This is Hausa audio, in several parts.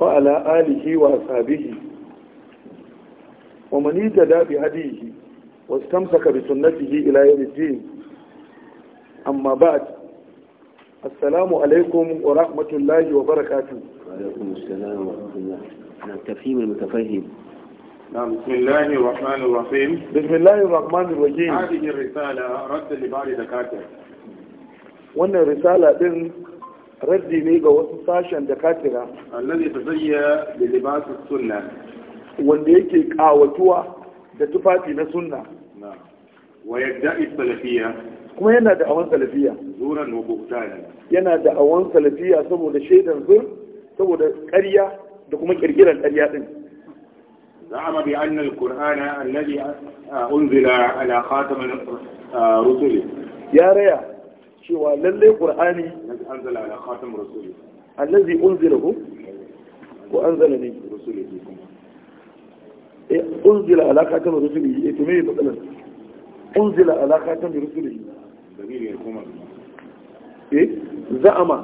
وعلى آله وأصحابه ومن يتدى بهديه واستمسك بسنته إلى يوم الدين أما بعد السلام عليكم ورحمة الله وبركاته وعليكم السلام ورحمة الله التفهيم المتفهم نعم بسم الله الرحمن الرحيم بسم الله الرحمن الرحيم هذه الرسالة رد لبعض دكاترة وأن الرسالة din raddi ne ga wasu sashen da ka katira allazi tazayya bi libas sunna wanda yake kawatuwa da tufafi na sunna wa yadda'i salafiyya kuma yana da awan salafiya zuran wa buhtani yana da awan salafiya saboda shaidan zur saboda ƙarya da kuma kirkiran ƙarya din za'ama bi anna al-qur'ana alladhi unzila ala khatam al-rusul ya raya cewa lallai qur'ani anzala ala khatam allazi unzilahu ko anzala ne rasulihi eh unzila ala khatam rasulihi eh to me matsalar unzila ala khatam rasulihi dalilin kuma eh za'ama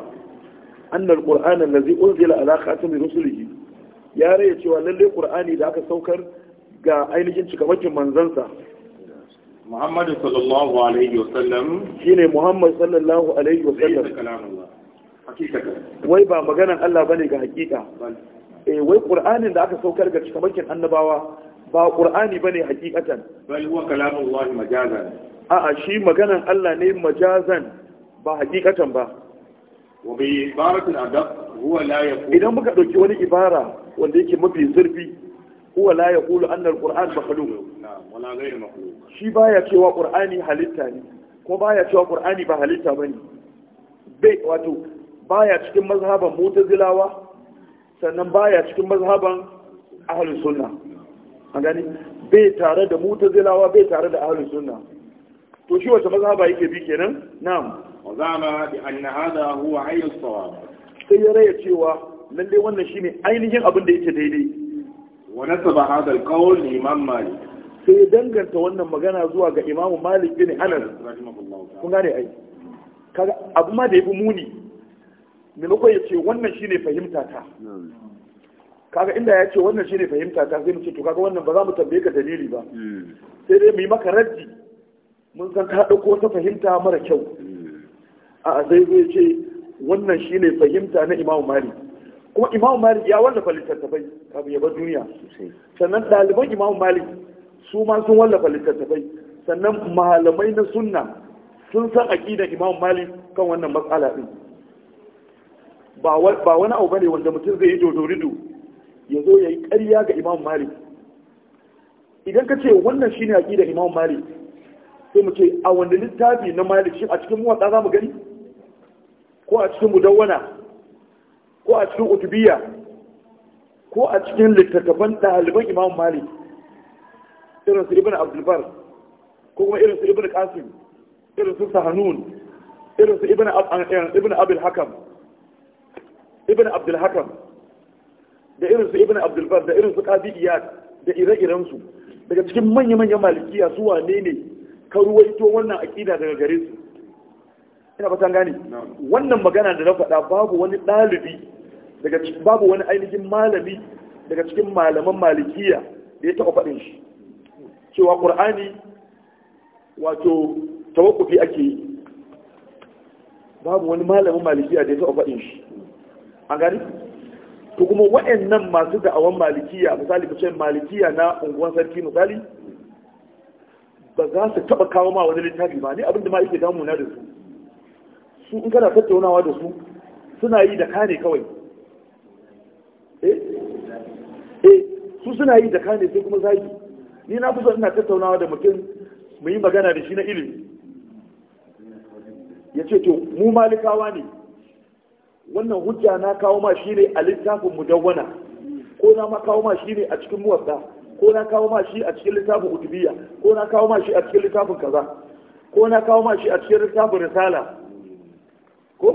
anna alquran allazi unzila ala khatam rasulihi ya rai cewa lallai qur'ani da aka saukar ga ainihin cikamakin manzansa Muhammadu sallallahu alaihi wasallam shine Muhammad sallallahu alaihi wasallam wai ba maganan Allah bane ga hakika eh, wai Qur'anin da aka saukar ga cikamakin annabawa ba Qur'ani bane hakikatan bal huwa kalamullahi majazan a'a shi maganan Allah ne majazan ba hakikatan ba idan muka ɗauki wani ibara wanda yake mafi zurfi huwa la yaqulu anna al-Qur'an wala ba makhluq shi baya cewa qur'ani halitta ne ko baya cewa qur'ani ba halitta bane bai wato baya cikin mazhaban mutazilawa sannan baya cikin mazhaban ahlus sunna an gani bai tare da mutazilawa bai tare da ahlus sunna to shi wace mazhaba yake bi kenan na'am wa zama bi anna huwa ayyu sawab sai ya raya cewa lalle wannan shine ainihin abin da yake daidai wa nasaba hadha alqawl imam malik sai ya danganta wannan magana zuwa ga imamu malik bin anas kun gane ai kaga abu ma da yafi muni maimakon ya ce wannan shine fahimta ta kaga inda ya ce wannan shine fahimta ta sai mu ce to kaga wannan ba za mu tambaye ka dalili ba hmm. sai dai mu yi maka raddi mun san ka dauko wata fahimta mara kyau hmm. a sai zai ce wannan shine fahimta na imamu malik kuma imamu malik ya wallafa littattafai kafin ya bar duniya sannan ɗaliban imamu malik su ma sun wallafa littattafai sannan malamai na sunna sun san aqidar imam malik kan wannan matsala din ba wani abu bane wanda mutum zai yi dodorido ya zo ya yi ƙarya ga imam malik idan ka ce wannan shi ne aqidar imam malik sai mu ce a wanda littafi na malik shi a cikin muwatsa za mu gani ko a cikin mudawwana ko a cikin utubiya ko a cikin littattafan ɗaliban imam malik irin su ibn abdulbar ko kuma irin su ibn qasim irin su sahnun irin su ibn abul eh, hakam ibn abdul hakam da irin su ibn abdulbar da irin su qadiyat da ire-iren su daga cikin manya-manyan malikiya su wane ne ka ruwaito wannan aqida daga gare su ina fatan gane wannan magana da na faɗa babu wani ɗalibi daga babu wani ainihin malami daga cikin malaman malikiya da ya taɓa faɗin shi cewa ƙur'ani wato tawakufi ake yi babu wani malamin malikiya da ya taɓa faɗin shi A gani to kuma waɗannan masu da'awan malikiya misali ka ce malikiya na unguwan sarki misali ba za su taɓa kawo ma wani littafi ba ni abinda da ma yake damuna da su su in kana tattaunawa da su suna yi da kane kawai eh? eh su suna yi da kane sai kuma zagi ni na kusa ina tattaunawa da mutum mu yi magana da shi na ilimi ya ce to mu malikawa ne wannan hujja na kawo ma shi ne a littafin mudawwana ko na ma kawo ma shi ne a cikin muwasa ko na kawo ma shi a cikin littafin utubiya ko na kawo ma shi a cikin littafin kaza ko na kawo ma shi a cikin littafin risala ko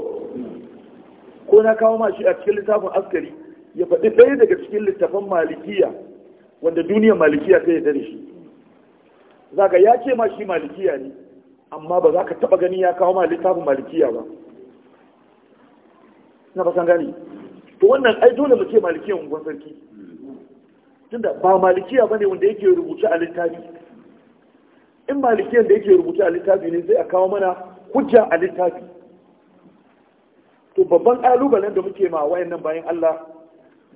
ko na kawo ma shi a cikin littafin askari ya faɗi ɗaya daga cikin littafin malikiya wanda duniyar malikiya ta yi dare shi ka ya ce ma shi malikiya ne amma ba za ka taba gani ya kawo ma littafin malikiya ba na fasan gani to wannan ai dole mu ce malikiya unguwan sarki tunda ba malikiya ne wanda yake rubuce a littafi in malikiyan da yake rubuce a littafi ne zai a kawo mana hujja a littafi to babban kalubalen da muke ma wayannan bayan Allah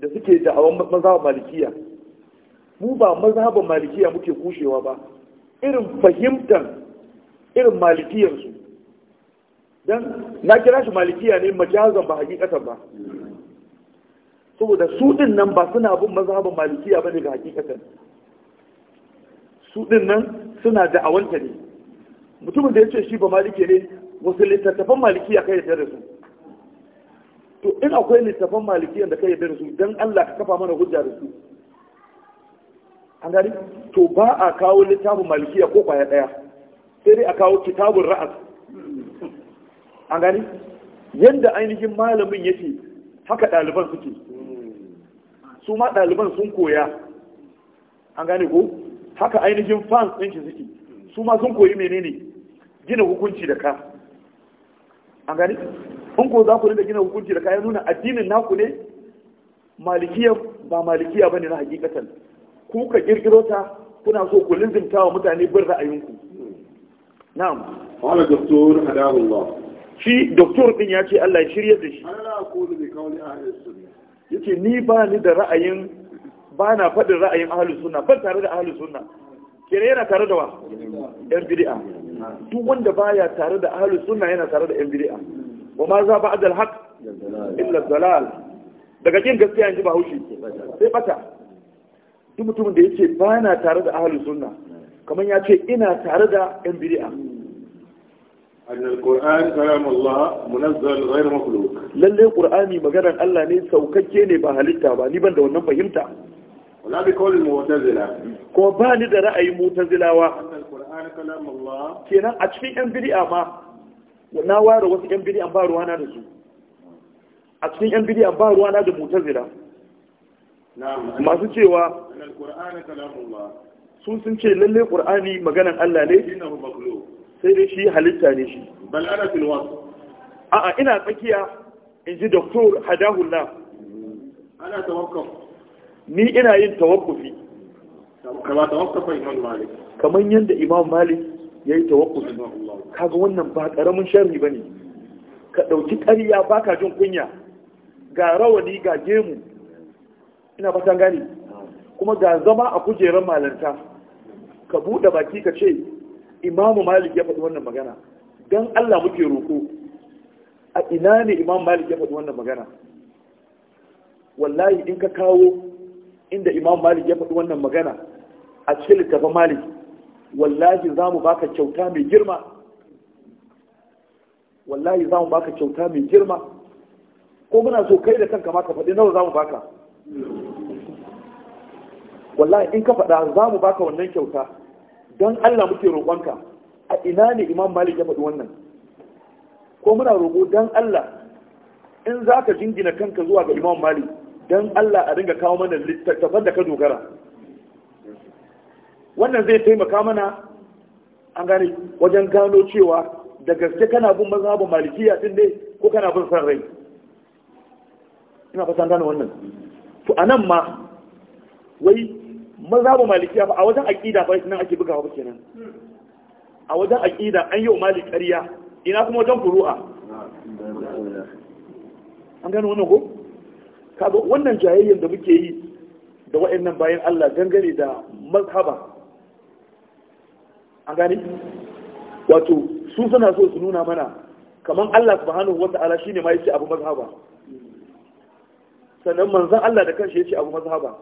da suke da da'awan mazawa malikiya mu ba mazhaban malikiya muke kushewa ba irin fahimtar irin malikiyarsu don na kira shi malikiya ne majazan ba hakikatan ba saboda su din nan ba suna bin mazhaban malikiya ba ne ga hakikatan su din nan suna da awanta ne mutumin da ya ce shi ba malikiya ne wasu littattafan malikiya kai da su to in akwai littattafan malikiyan da kai da su don Allah ka kafa mana hujja da su an gari to ba a kawo littafin malikiya ko kwaya daya sai dai a kawo kitabun ra'as an gari yadda ainihin malamin ya ce, haka ɗaliban suke su ma ɗaliban sun koya an gane ko haka ainihin fans ɗinki suke su ma sun koyi menene gina hukunci da ka an gani in ko za ku rinka gina hukunci da ka ya nuna addinin naku ne malikiya ba malikiya ne na hakikatan kuka kirkiro ta kuna so ku lindimta wa mutane bin ra'ayinku na'am qala doktor hadahu shi doktor din ya ce Allah ya shirye da shi ana aqulu yace ni ba ni da ra'ayin ba na faɗin ra'ayin ahli sunna ban tare da ahli sunna kire yana tare da wa yan bid'a duk wanda baya tare da ahli sunna yana tare da yan bid'a wa ma za ba'da al-haq illa dalal daga kin gaskiya in ji ba haushi sai bata duk mutumin da yake ba na tare da ahalin sunna kamar ya ce ina tare da yan bid'a أن القرآن كلام الله منزل غير مخلوق للي قرآني مجرى الله ne ba halitta ba. Ni ban da wannan fahimta ولا بقول المعتزلة ko ba ni da ra'ayi mu'tazilawa أن القرآن كلام الله kenan a cikin yan bid'a ma na ware wasu yan bid'a ba ruwana da su a cikin yan bid'a ba ruwana da mu'tazila masu cewa sun sun ce lalle ƙur'ani maganan Allah ne sai dai shi halitta ne shi a'a ina tsakiya in ji doktor Hadahulla. Hmm. ana ni ina yin tawakkufi Kamar yadda imam malik ya yi imam tawakkufi kaga wannan ba karamin sharri ne. ka ɗauki ƙariya ba baka jin kunya ga rawani ga gemu ina fatan gani kuma ga zama a kujerar malanta ka buɗe baki ka ce imamu malik ya faɗi wannan magana don allah muke roƙo a ina ne imam malik ya faɗi wannan magana wallahi in ka kawo inda imam malik ya faɗi wannan magana a cikin littafin malik wallahi za mu baka kyauta mai girma wallahi za mu baka kyauta mai girma ko muna so kai da kanka ma ka faɗi nawa za mu baka wallahi in ka faɗa za mu baka wannan kyauta don Allah muke roƙonka a ina ne imam malik ya faɗi wannan ko muna roƙo don Allah in za ka jingina kanka zuwa ga imam malik don Allah a ringa kawo mana littattafan da ka dogara wannan zai taimaka mana an gane wajen gano cewa da gaske kana bin mazhabin malikiya din ne ko kana bin san rai ina fatan gano wannan to anan ma wai mazhabin malikiya ba a wajen aqida ba nan ake bugawa ba kenan a wajen aqida an yi wa malik ƙarya ina kuma wajen furu'a an gano wannan ko kaga wannan jayayyen da muke yi da wa'annan bayan Allah dangane da mazhaba an gane wato su suna so su nuna mana kamar Allah subhanahu wata'ala shine ma yace abu mazhaba sannan manzon Allah da kanshi yace abu mazhaba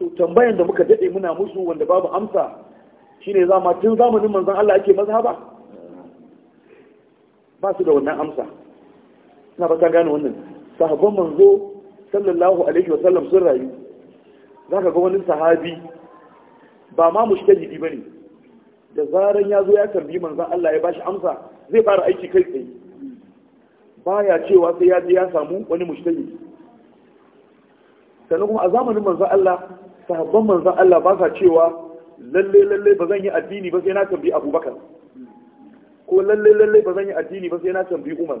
to tambayan da muka dade muna musu wanda babu amsa shine zama tun zamanin manzon Allah ake mazhaba ba su da wannan amsa ina ba ta gane wannan sahabban manzo sallallahu alaihi wasallam sun rayu zaka ga wani sahabi ba ma mushtahidi bane da zaran ya zo ya tambayi manzon Allah ya bashi amsa zai fara aiki kai tsaye baya cewa sai ya je ya samu wani mushtahidi sannan kuma a zamanin manzon Allah sahabban manzan Allah ba sa cewa lalle lalle ba zan yi addini ba sai na tambayi abubakar ko lalle lalle ba zan yi addini ba sai na tambayi umar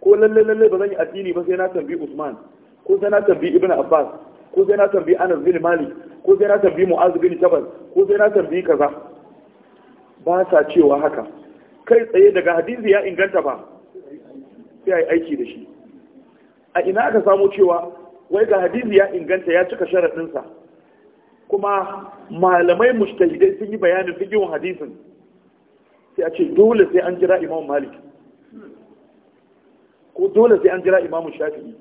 ko lalle lalle ba zan yi addini ba sai na tambayi usman ko sai na tambayi ibn abbas ko sai na tambayi anas bin malik ko sai na tambayi mu'az bin jabal ko sai na tambayi kaza ba sa cewa haka kai tsaye daga hadisi ya inganta ba sai ai aiki da shi a ina aka samu cewa wai ga hadisi ya inganta ya cika sharaɗinsa kuma malamai mustajidai sun yi bayanin wa hadisin sai a ce dole sai an jira imam malik ko dole sai an jira imam shafi'i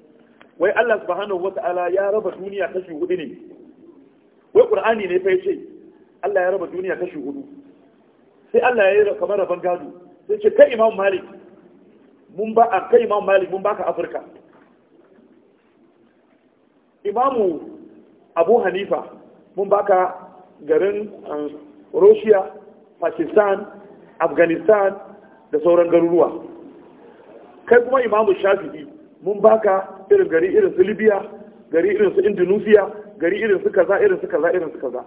wai Allah subhanahu Ta'ala ya raba duniya kashi hudu ne wai qur'ani ne fa yace Allah ya raba duniya kashi hudu sai Allah ya yi kamar rabon gado sai ce kai imam malik mun ba a kai imam malik mun baka afirka imamu abu hanifa mun baka garin um, russia pakistan afghanistan da sauran garuruwa kai kuma imamu shafi'i mun baka irin gari irin su libya gari irin su indonesia gari irin su kaza irin su kaza irin su kaza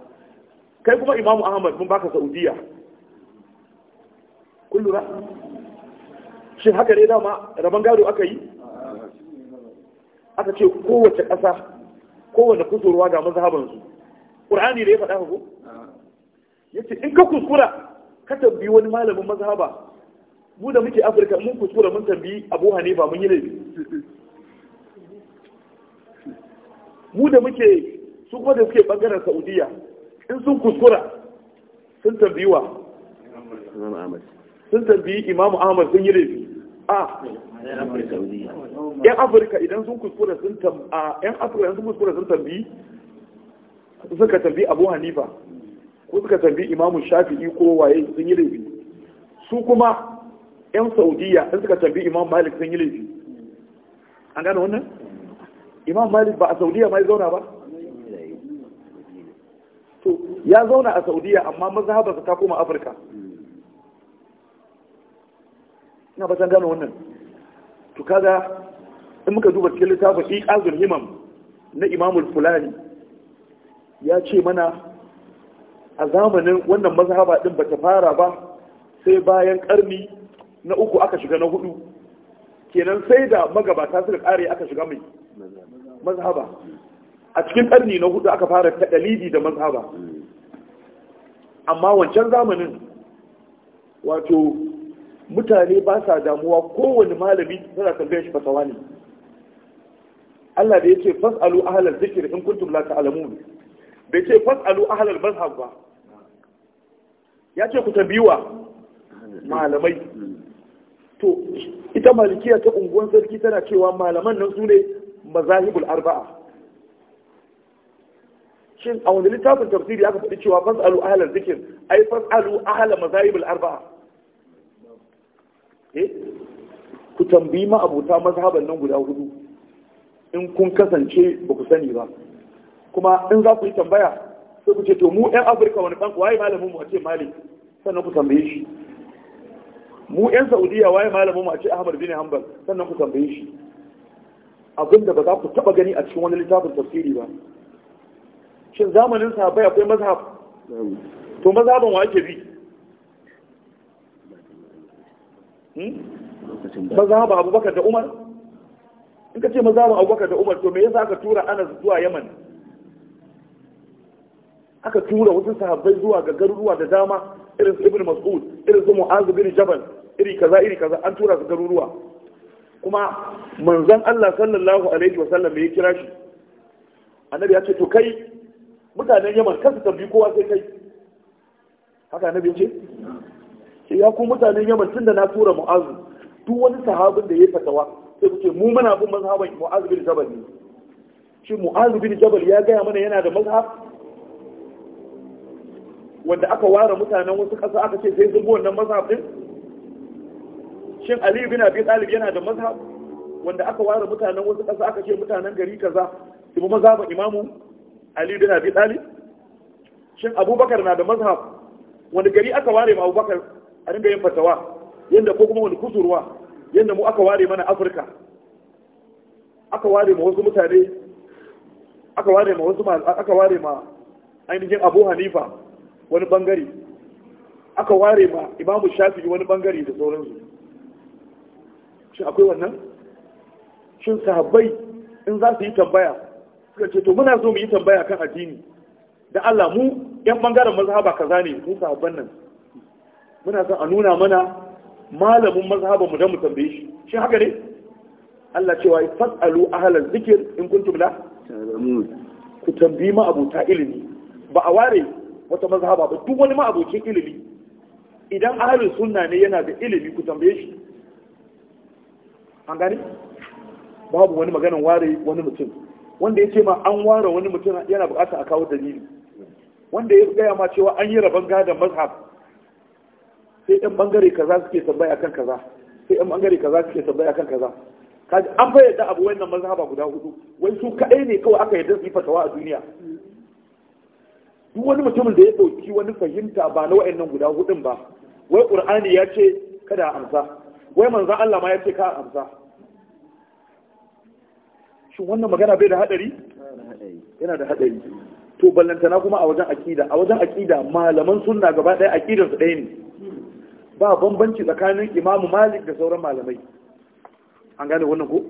kai kuma imamu ahmad mun baka saudiya kun lura shin haka ne dama rabon gado aka yi aka ce kowace ƙasa kowane kusurwa ga mazhabansu ƙur'ani da ya faɗa ko ce in ka kuskura ka tambi wani malamin mazhaba mu da muke afirka mun kuskura mun tambi abu hanifa mun yi laifi mu da muke su kuma da suke bangaren saudiya in sun kuskura sun tambi wa sun tambi imamu ahmad sun yi laifi a yan afirka idan sun kuskura sun tambi? suka tambi abu hanifa ko suka tambi imamu shafi'i ko waye sun yi laifi su kuma yan saudiya sun suka tambi imam malik sun yi laifi an gane wannan imam malik ba a saudiya ma ya zauna ba to ya zauna a saudiya amma mazhabarsa ta koma afirka ina ba san gane wannan to kaga in muka duba cikin littafin iqazul himam na imamul fulani ya ce mana a zamanin wannan mazhaba din bata fara ba sai bayan karni na uku aka shiga na hudu kenan sai da magabata suka kare aka shiga mai mazhaba a cikin karni na hudu aka fara ta dalili da mazhaba amma wancan zamanin wato mutane ba sa damuwa kowane malami suna tambayar shi fasawa ne Allah da ya ce fasalu ahlal zikr in kuntum la ta'lamun bai ce fasalu ahlal mazhab ba ya ce ku tabiwa malamai to ita malikiya ta unguwan sarki tana cewa malaman nan su ne mazahibul arba'a shin a wanda littafin tafsiri aka faɗi cewa fasalu ahlal zikir ai fasalu ahla mazahibul arba'a eh, ku tambayi ma abota mazhaban nan guda hudu in kun kasance ba ku sani ba kuma in za ku yi tambaya sai ku ce to mu yan afirka wani ɗan waye malamin mu a ce malik sannan ku tambaye shi mu yan saudiya waye malamin mu a ce ahmad bin hanbal sannan ku tambaye shi abinda ba za ku taba gani a cikin wani littafin tafsiri ba shin zamanin sahabbai akwai mazhab to mazhaban wa ake bi hmm? mazhaban abubakar da umar in ka ce mazhaban abubakar da umar to me yasa aka tura anas zuwa yaman aka tura wasu sahabbai zuwa ga garuruwa da dama irin su ibn mas'ud irin su mu'az bin jabal iri kaza iri kaza an tura su garuruwa kuma manzon Allah sallallahu alaihi wa sallam ya kira shi annabi ya ce to kai mutanen Yaman kar su tambayi kowa sai kai haka annabi ya ce ya ku mutanen Yaman da na tura mu'az duk wani sahabin da ya fatawa sai ku ce mu muna bin mazhaban mu'az bin jabal ne shi mu'az bin jabal ya gaya mana yana da mazhab wanda aka ware mutanen wasu ƙasa aka ce sai zubo bi wannan mazhab din shin ali bin abi talib yana da mazhab wanda aka ware mutanen wasu ƙasa aka ce mutanen gari kaza kuma mazhabin imamu ali bin abi talib shin abubakar na da mazhab wanda gari aka ware ma abubakar a ringa yin fatawa Yanda ko kuma wani kusurwa yadda mu aka ware mana afirka aka ware ma wasu mutane aka ware ma wasu aka ware ma ainihin abu hanifa wani bangare aka ware ma imamu shafi wani bangare da sauransu shi akwai wannan shin sahabbai in za su yi tambaya suka ce to muna so mu yi tambaya kan addini da Allah mu yan bangaren mazhaba kaza ne mu sahabban nan muna son a nuna mana malamin mazhaba mu dan mu tambaye shi shi haka ne Allah cewa fasalu ahlal zikr in kuntum la ku tambayi ma abota ilimi ba a ware wata mazhaba ba duk wani ma'abokin ilimi idan ahalin sunna ne yana da ilimi ku tambaye shi an gani babu wani maganin ware wani mutum wanda ya ce ma an ware wani mutum yana bukata a kawo dalili wanda ya gaya ma cewa an yi rabon gadon mazhab sai ɗan bangare kaza suke tambaya kan kaza sai ɗan bangare kaza suke tambaya kan kaza kaji an bayyana abu wannan mazhaba guda hudu wai su kaɗai ne kawai aka yi su yi fatawa a duniya duk wani mutumin da ya ɗauki wani fahimta ba na wa'annan guda hudun ba wai ƙur'ani ya ce kada a amsa wai manzan Allah ma ya ce ka a amsa shin wannan magana bai da haɗari yana da haɗari to ballantana kuma a wajen akida a wajen akida malaman sunna gaba ɗaya su ɗaya ne ba bambanci tsakanin imamu malik da sauran malamai an gane wannan ko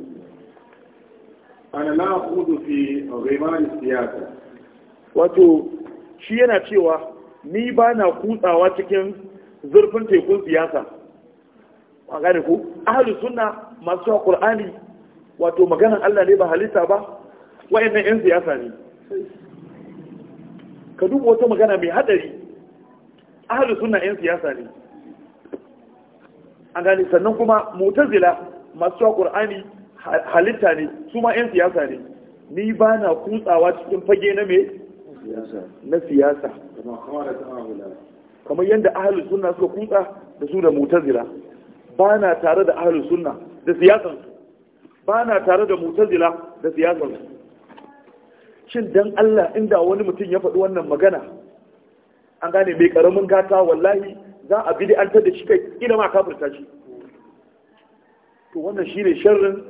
ana la aqudu fi ghimar siyasa wato shi yana cewa ni ba na kutsawa cikin zurfin tekun siyasa a gane ku ahalus suna masu cewa qur'ani wato maganan Allah ne ba halitta ba wayannan yan siyasa ne ka duba wata magana mai hadari ahalus suna yan siyasa ne A gane sannan kuma mutazila masu cewa qur'ani halitta ne su ma yan siyasa ne ni ba na kutsawa cikin fage na mai na siyasa kamar yadda ahalus sunna suka kuka da su da mutazila ba na tare da ahalus sunna da siyasansu. ba na tare da mutazila da siyasansu. shin dan Allah inda wani mutum ya faɗi wannan magana an gane mai ƙaramin gata wallahi za a bi an da shi kai ina ma kafirta shi to wannan shine sharrin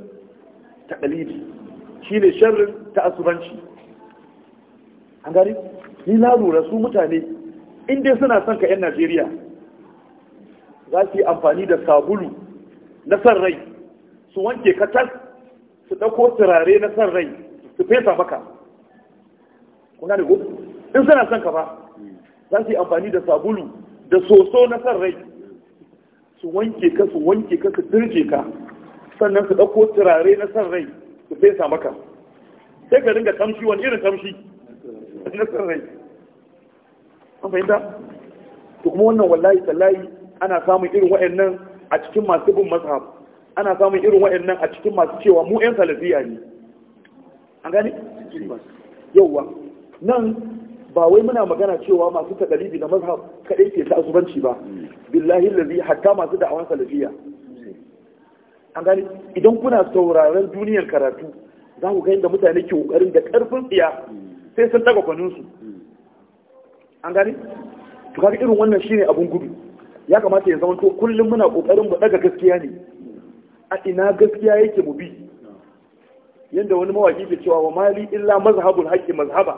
taqlidi shine sharrin ta asubanci. an gari ni na lura su mutane in dai suna son ka 'yan najeriya za su yi amfani da sabulu na san rai su wanke katar su ɗauko turare na san rai su fesa maka kuna ne gobe? in suna son ka ba za su yi amfani da sabulu da soso na san rai su wanke ka su wanke ka su turje ka sannan su ɗauko turare na san rai su fesa maka sai ka ringa kamshi wani irin kamshi na fahimta to kuma wannan wallahi tallahi ana samun irin wa'annan a cikin masu bin mazhab ana samun irin wa'annan a cikin masu cewa mu yan salafiya ne an gani, yauwa nan ba wai muna magana cewa masu takalibi na mazhab kaɗai ke ta asubanci ba billahi lalzi hatta masu da'awan salafiya an gani idan kuna sauraron duniyar karatu za ku ga yadda mutane ke ƙoƙarin da ƙarfin tsiya sai sun daga kwaninsu an gani to kaga irin wannan shine abun gudu ya kamata ya zama to kullum muna kokarin mu daga gaskiya ne a ina gaskiya yake mu bi yanda wani mawaki ke cewa wa mali illa mazhabul haqqi mazhaba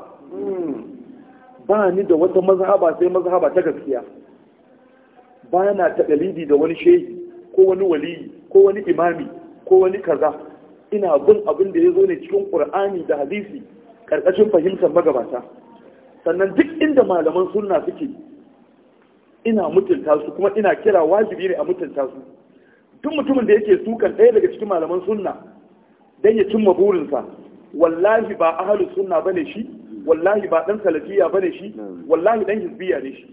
ba ni da wata mazhaba sai mazhaba ta gaskiya ba na ta dalili da wani shehi ko wani waliyi ko wani imami ko wani kaza ina bin abin da ya zo ne cikin qur'ani da hadisi ƙarƙashin fahimtar magabata sannan duk inda malaman sunna suke ina mutunta su kuma ina kira wajibi ne a mutunta su duk mutumin da yake sukan ɗaya daga cikin malaman sunna don ya cimma burinsa wallahi ba ahalus sunna ne shi wallahi ba ɗan salafiya ba ne shi wallahi ɗan hizbiya ne shi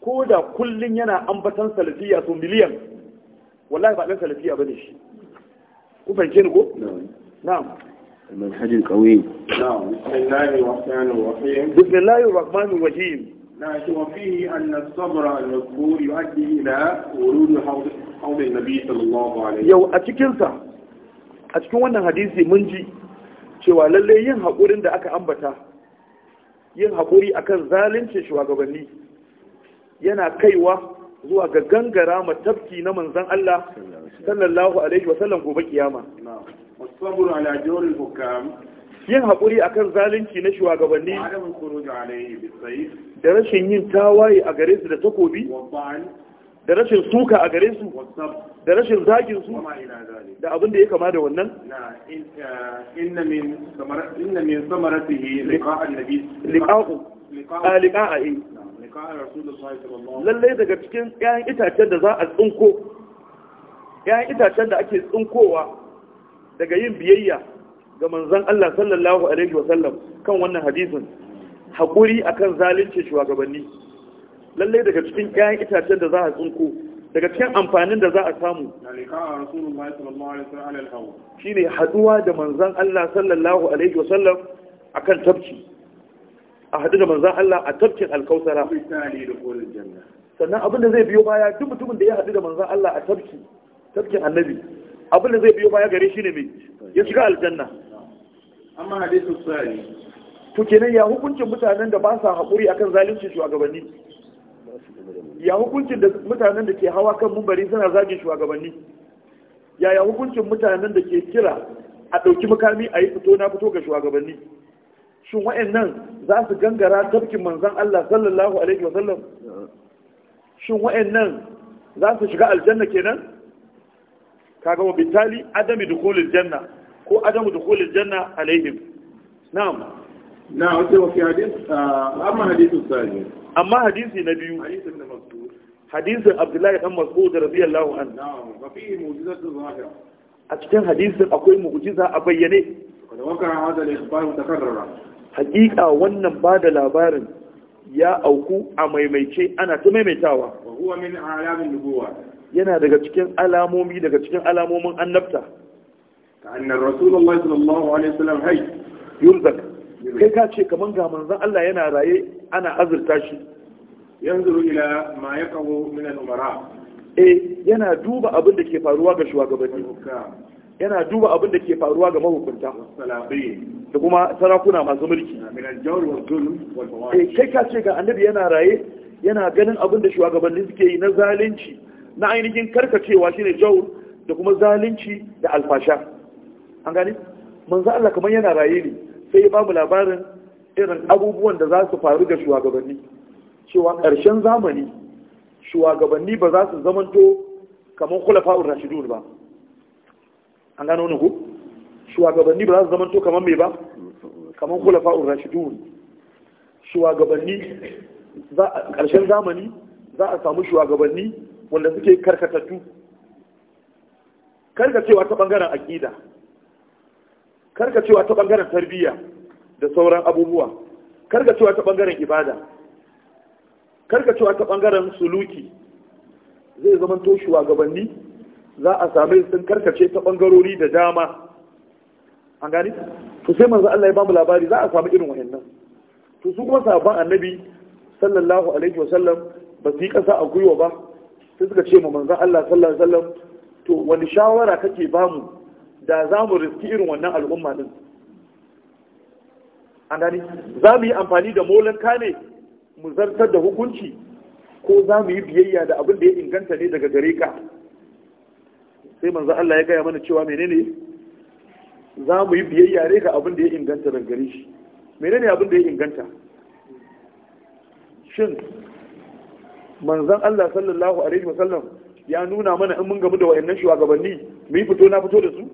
ko da kullum yana ambatan salafiya su miliyan wallahi ba ɗan salafiya ba ne shi ku fahimce ni ko na'am المنهج القوي نعم بسم الله الرحمن الرحيم بسم الله الرحمن الرحيم لكن وفيه أن الصبر المذكور يؤدي إلى ورود حوض النبي صلى الله عليه وسلم يو أتكنسا أتكن وانا حديثي منجي cewa lallai yin haƙurin da aka ambata yin haƙuri akan zalunci shugabanni yana kaiwa zuwa ga gangara matafki na manzan Allah sallallahu alaihi wasallam gobe kiyama yin haƙuri akan zalunci na shugabanni da rashin yin tawaye a gare su da takobi da rashin suka a gare su da rashin zagin su da abin da ya kama da wannan inna min samaratihi liqa'a annabi liqa'a lallai daga cikin 'ya'yan itacen da za a tsinko 'ya'yan itacen da ake tsinkowa daga yin biyayya ga manzan Allah sallallahu alaihi wasallam kan wannan hadisin haƙuri a kan zalunci shugabanni lallai daga cikin ƴaƴan itacen da za a tsinko daga cikin amfanin da za a samu shi ne haɗuwa da manzan Allah sallallahu alaihi wasallam kan tabci a haɗu da manzan Allah a tafkin alkausara sannan abin da zai biyo baya duk mutumin da ya haɗu da manzan Allah a tafki tafkin annabi abin da zai biyo baya gare shi ne mai ya shiga aljanna amma hadisin sa'ani to kenan ya hukuncin mutanen da ba sa haƙuri akan zalunci shugabanni ya hukuncin da mutanen da ke hawa kan mumbari suna zagin shugabanni yaya hukuncin mutanen da ke kira a ɗauki makami a yi fito na fito ga shugabanni shin wa'annan za su gangara tafkin manzan Allah sallallahu alaihi wasallam shin wa'annan za su shiga aljanna kenan kaga wa bitali adami dukhulil janna ko adamu dukhulil janna alaihim na'am na wace wa hadith ah, amma hadithu sahih amma hadisi na biyu hadisi na mas'ud hadisi abdullahi dan mazkur radiyallahu anhu na'am fa fihi mu'jizatu zahira a cikin hadisin akwai mu'jiza a bayyane kada wakara hada al-ikhbar mutakarrara hakika wannan ba da labarin ya auku a maimaice ana ta maimaitawa wa huwa min alamin nubuwa yana daga cikin alamomi daga cikin alamomin annabta ka annar rasulullahi sallallahu alaihi wasallam hay yurzak kai ka ce kaman ga manzon Allah yana raye ana azurta shi yanzu ila ma yaqawu min al-umara eh yana duba abin da ke faruwa ga shugabanni yana duba abin da ke faruwa ga mahukunta da kuma sarakuna masu mulki eh kai ka ce ga annabi yana raye yana ganin abin da shugabanni suke yi na zalunci na ainihin karkacewa shine jawur da kuma zalunci da alfasha an gani manzo Allah kamar yana raye ne sai ya bamu labarin irin abubuwan da za su faru ga shugabanni cewa ƙarshen zamani shugabanni ba za su zamanto kamar khulafa'ur rashidun ba an gano ne ku shugabanni ba za su zamanto kamar me ba kamar khulafa'ur rashidun shugabanni ƙarshen zamani za a samu shugabanni wanda suke karkatattu karkacewa ta bangaren aƙida karkacewa ta bangaren tarbiyya da sauran abubuwa karkacewa ta bangaren ibada karkacewa ta bangaren suluki zai zama toshuwa gabanni, za a same sun karkace ta bangarori da dama an gani to sai manzo Allah ya bamu labari za a samu irin wayannan to su kuma sahabban annabi sallallahu alaihi wasallam ba su yi kasa a gwiwa ba sai suka ce ma manzan Allah sallallahu alaihi wasallam to wani shawara kake bamu da za mu riski irin wannan al'umma din an gani za mu yi amfani da molan kane mu zartar da hukunci ko za mu yi biyayya da abin da ya inganta ne daga gare ka sai manzo Allah ya gaya mana cewa menene za mu yi biyayya ne ga abin da ya inganta daga gare shi menene abin da ya inganta shin manzon Allah sallallahu alaihi wasallam ya nuna mana in mun gamu da wayannan shugabanni mu yi fito na fito da su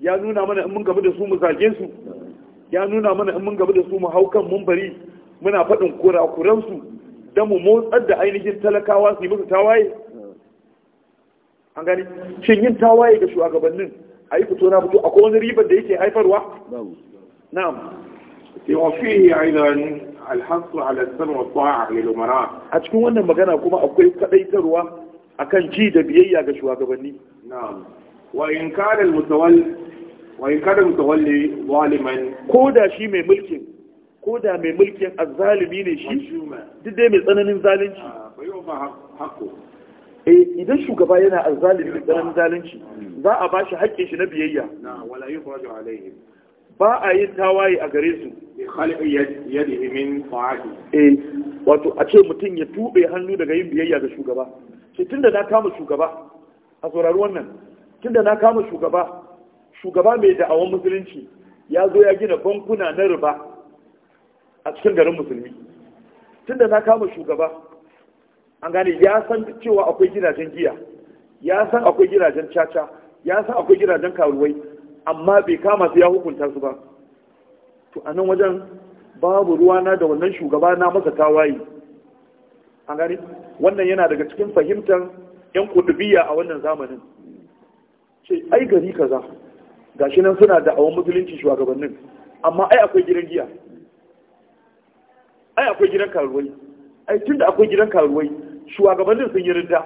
ya nuna mana in mun gamu da su mu zage su ya nuna mana in mun gamu da su mu hau kan bari muna faɗin kurakuran su dan mu motsar da ainihin talakawa su yi musu tawaye an gani shin yin tawaye ga shugabannin a yi fito na fito akwai wani ribar da yake haifarwa na'am fi wa fihi aidan alhassu ala san wa a a umara a cikin wannan magana kuma akwai a kan ji da biyayya ga shugabanni wa in kana al-mutawalli wa ko da shi mai mulkin ko da mai mulkin azzalimi ne shi duk dai mai tsananin zalunci ah, eh idan shugaba yana zalimi da tsananin zalunci za a ba shi haƙƙin shi na biyayya ba a yin tawaye a gare su min eh, wato a ce mutum ya tube hannu daga yin biyayya ga shugaba sai tunda na kama shugaba a saurari wannan tunda na kama shugaba shugaba mai da'awan musulunci ya zo ya gina bankuna na riba a cikin garin musulmi tunda na kama shugaba an gane ya san cewa akwai gidajen giya ya san akwai gidajen caca ya san akwai gidajen karuwai amma bai kama su ya hukunta su ba to a nan wajen babu ruwana da wannan shugaba na masa tawaye an gani wannan yana daga cikin fahimtar yan kudubiya a wannan zamanin ce ai gari kaza shi nan suna da awon musulunci shugabannin amma ai akwai gidan giya ai akwai gidan karuwai ai tun da akwai gidan karuwai shugabannin sun yi rinda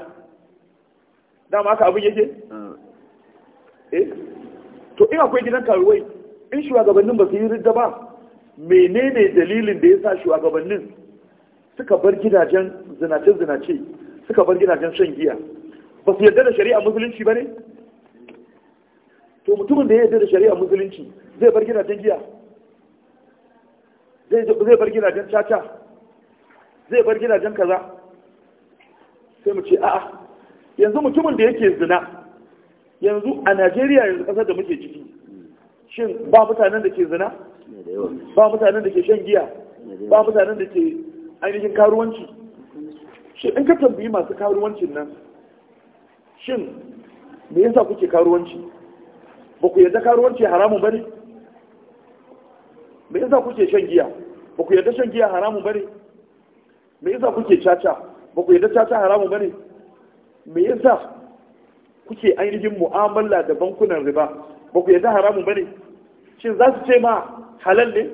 dama aka abin yake ah. eh to in akwai gidan karuwai in shugabannin ba su yi ridda ba menene dalilin da ya sa shugabannin suka bar gidajen zinace-zinace suka bar gidajen shan giya ba su yarda da shari'a musulunci ba ne to mutumin da ya yarda da shari'a musulunci zai bar gidajen giya zai bar gidajen caca zai bar gidajen kaza sai mu ce a'a yanzu mutumin da yake zina yanzu a najeriya yanzu kasar da muke ciki shin ba mutanen da ke zina ba mutanen da ke shan giya ba mutanen da ke ainihin karuwanci shi in ka tambayi masu karuwancin nan shin me yasa kuke karuwanci ba ku yadda karuwanci haramun bane me yasa kuke shan giya ba ku yadda shan giya haramun bane me yasa kuke caca ba ku yadda caca haramun bane me yasa kuke ainihin mu'amala da bankunan riba ba ku yadda haramun bane shin za su ce ma halal ne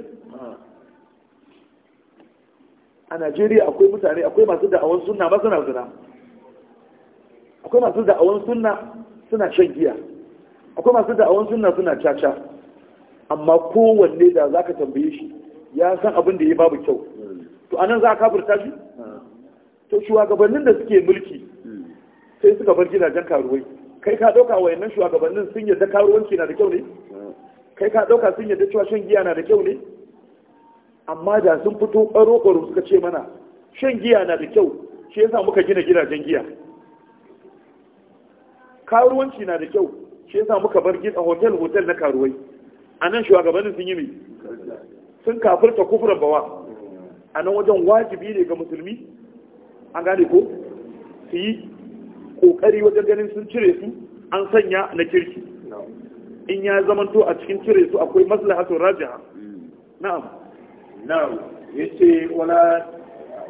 a najeriya akwai mutane akwai masu da'awar sunna ba suna zina akwai masu da'awar sunna suna shan giya akwai masu da'awar sunna suna caca amma kowanne da za ka tambaye shi ya san abin da ya babu kyau to anan za a kafirta shi to shugabannin da suke mulki sai suka bar gidajen karuwai kai ka ɗauka wayannan shugabannin sun yarda karuwanci na da kyau ne kai ka ɗauka sun yadda cewa shan giya na da kyau ne amma da sun fito ɓaro-ɓaro suka ce mana shan giya na da kyau shi yasa muka gina gidajen giya karuwanci na da kyau shi yasa muka bar gina hotel-hotel na karuwai a nan shugabannin sun yi mai sun kafirta kufuran bawa a nan wajen wajibi ne ga musulmi an gane ko su yi ƙoƙari wajen ganin sun cire su an sanya na kirki in ya zamanto a cikin cire su akwai maslahatun rajiha hmm. na'am na'am yace wala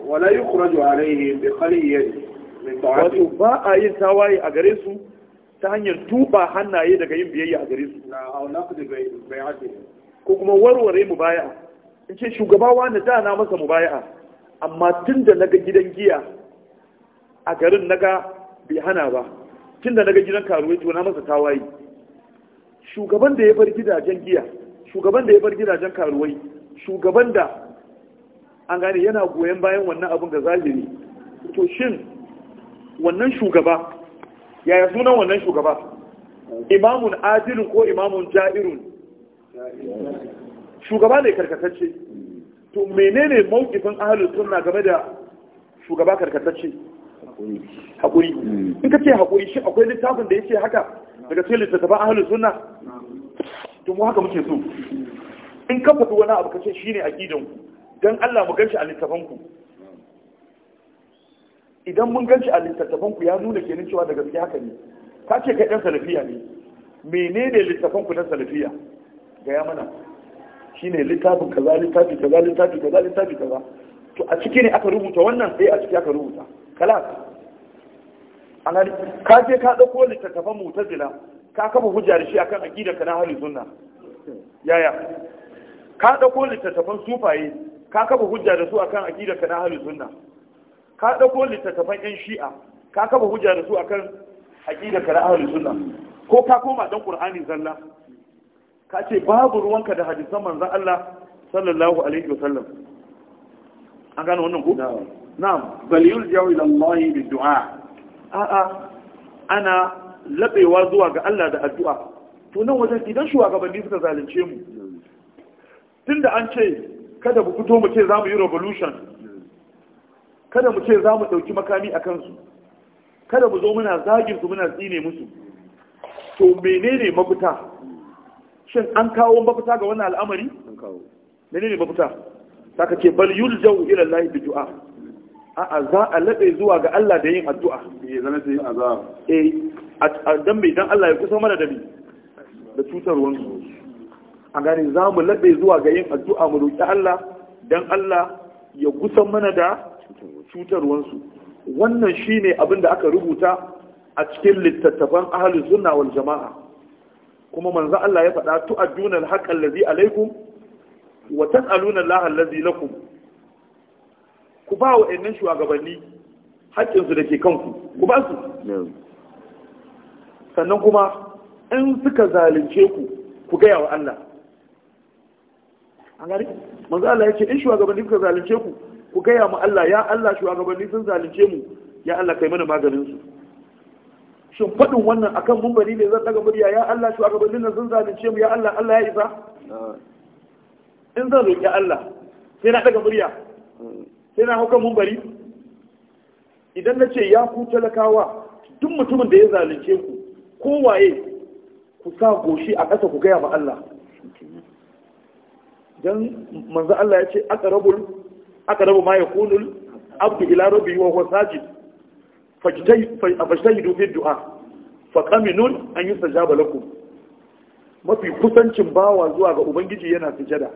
wala yukhraju alayhi bi khaliyyati min ta'ati ba a yin tawaye a gare su ta hanyar tuba hannaye daga yin biyayya a gare su ko kuma warware mu baya in ce shugaba wani da na masa mu baya amma tun da naga gidan giya a garin naga bai hana ba tun da naga gidan karuwa to na masa tawaye shugaban da ya bar gidajen giya shugaban da ya bar gidajen karuwai shugaban da an gane yana goyon bayan wannan abin ga zahiri to shin wannan shugaba yaya sunan wannan shugaba imamun adilun ko imamun ja'irun shugaba ne karkatacce to menene mawkifin ahalus na game da shugaba karkatacce hakuri in ka ce hakuri shi akwai littafin da ya ce haka daga cikin littattafan ahalin suna tun mu haka muke so in ka faɗi wani abu kace shine aqidan ku don Allah mu ganshi a littattafanku. idan mun ganshi a littattafanku ya nuna kenan cewa daga gaskiya haka ne ka ce kai ɗan salafiya ne menene ne ku na salafiya ga ya mana ne littafin kaza littafi kaza littafi kaza littafi kaza to a ciki ne aka rubuta wannan sai eh, a ciki aka rubuta kalas an ka je ka ɗauko littattafan mutazila ka kafa hujja da shi akan aqida ka na halin sunna yaya ka ɗauko littattafan sufaye ka kafa hujja da su akan aqida ka na halin sunna ka ɗauko littattafan yan shi'a ka kafa hujja da su akan aqida ka na halin sunna ko ka koma dan qur'ani zalla ka ce babu ruwanka da hadisan manzon Allah sallallahu alaihi wasallam an gano wannan ku na'am bal yulja'u ila Allah bi du'a a'a ana labewa zuwa ga Allah da addu'a to nan wajen idan shugabanni suka zalunce mu tunda an ce kada mu fito mu ce za yi revolution kada mu ce za mu ɗauki makami a kansu kada mu zo muna zagin su muna tsine musu to menene mafita shin an kawo mafita ga wannan al'amari menene mafita saka ce bal yuljau ila Allah bi du'a a'a za a laɓe zuwa ga Allah da yin addu'a ya eh, yin eh dan mai dan Allah ya kusa mana da bi da cutarwan su a gani za mu laɓe zuwa ga yin addu'a mu roƙi Allah dan Allah ya kusa mana da cutarwan su wannan shi abin da aka rubuta a cikin littattafan ahalin sunna wal jama'a kuma manzo Allah ya faɗa tu'adduna al allazi alaikum wa tas'aluna Allah allazi lakum ku ba wa ɗannan shugabanni haƙƙinsu da ke kanku ku ba su sannan kuma in suka zalunce ku ku gaya wa Allah an gani manzo Allah ya ce in shugabanni suka zalunce ku ku gaya mu Allah ya Allah shugabanni sun zalunce mu ya Allah kai mana maganin su shin faɗin wannan akan mumbari ne zan daga murya ya Allah shugabannin nan sun zalunce mu ya Allah Allah ya isa in zan roƙi Allah sai na daga murya sai na bari? mumbari idan na ce ya ku talakawa duk mutumin da ya zalunce ku kowaye ku sa goshi a ƙasa ku gaya ma Allah dan manzo Allah ya ce aqrabul aqrabu ma yakunul abdu ila rabbi wa huwa sajid fajtahidu fi du'a fa qaminun an yustajaba lakum mafi kusancin bawa zuwa ga ubangiji yana sujada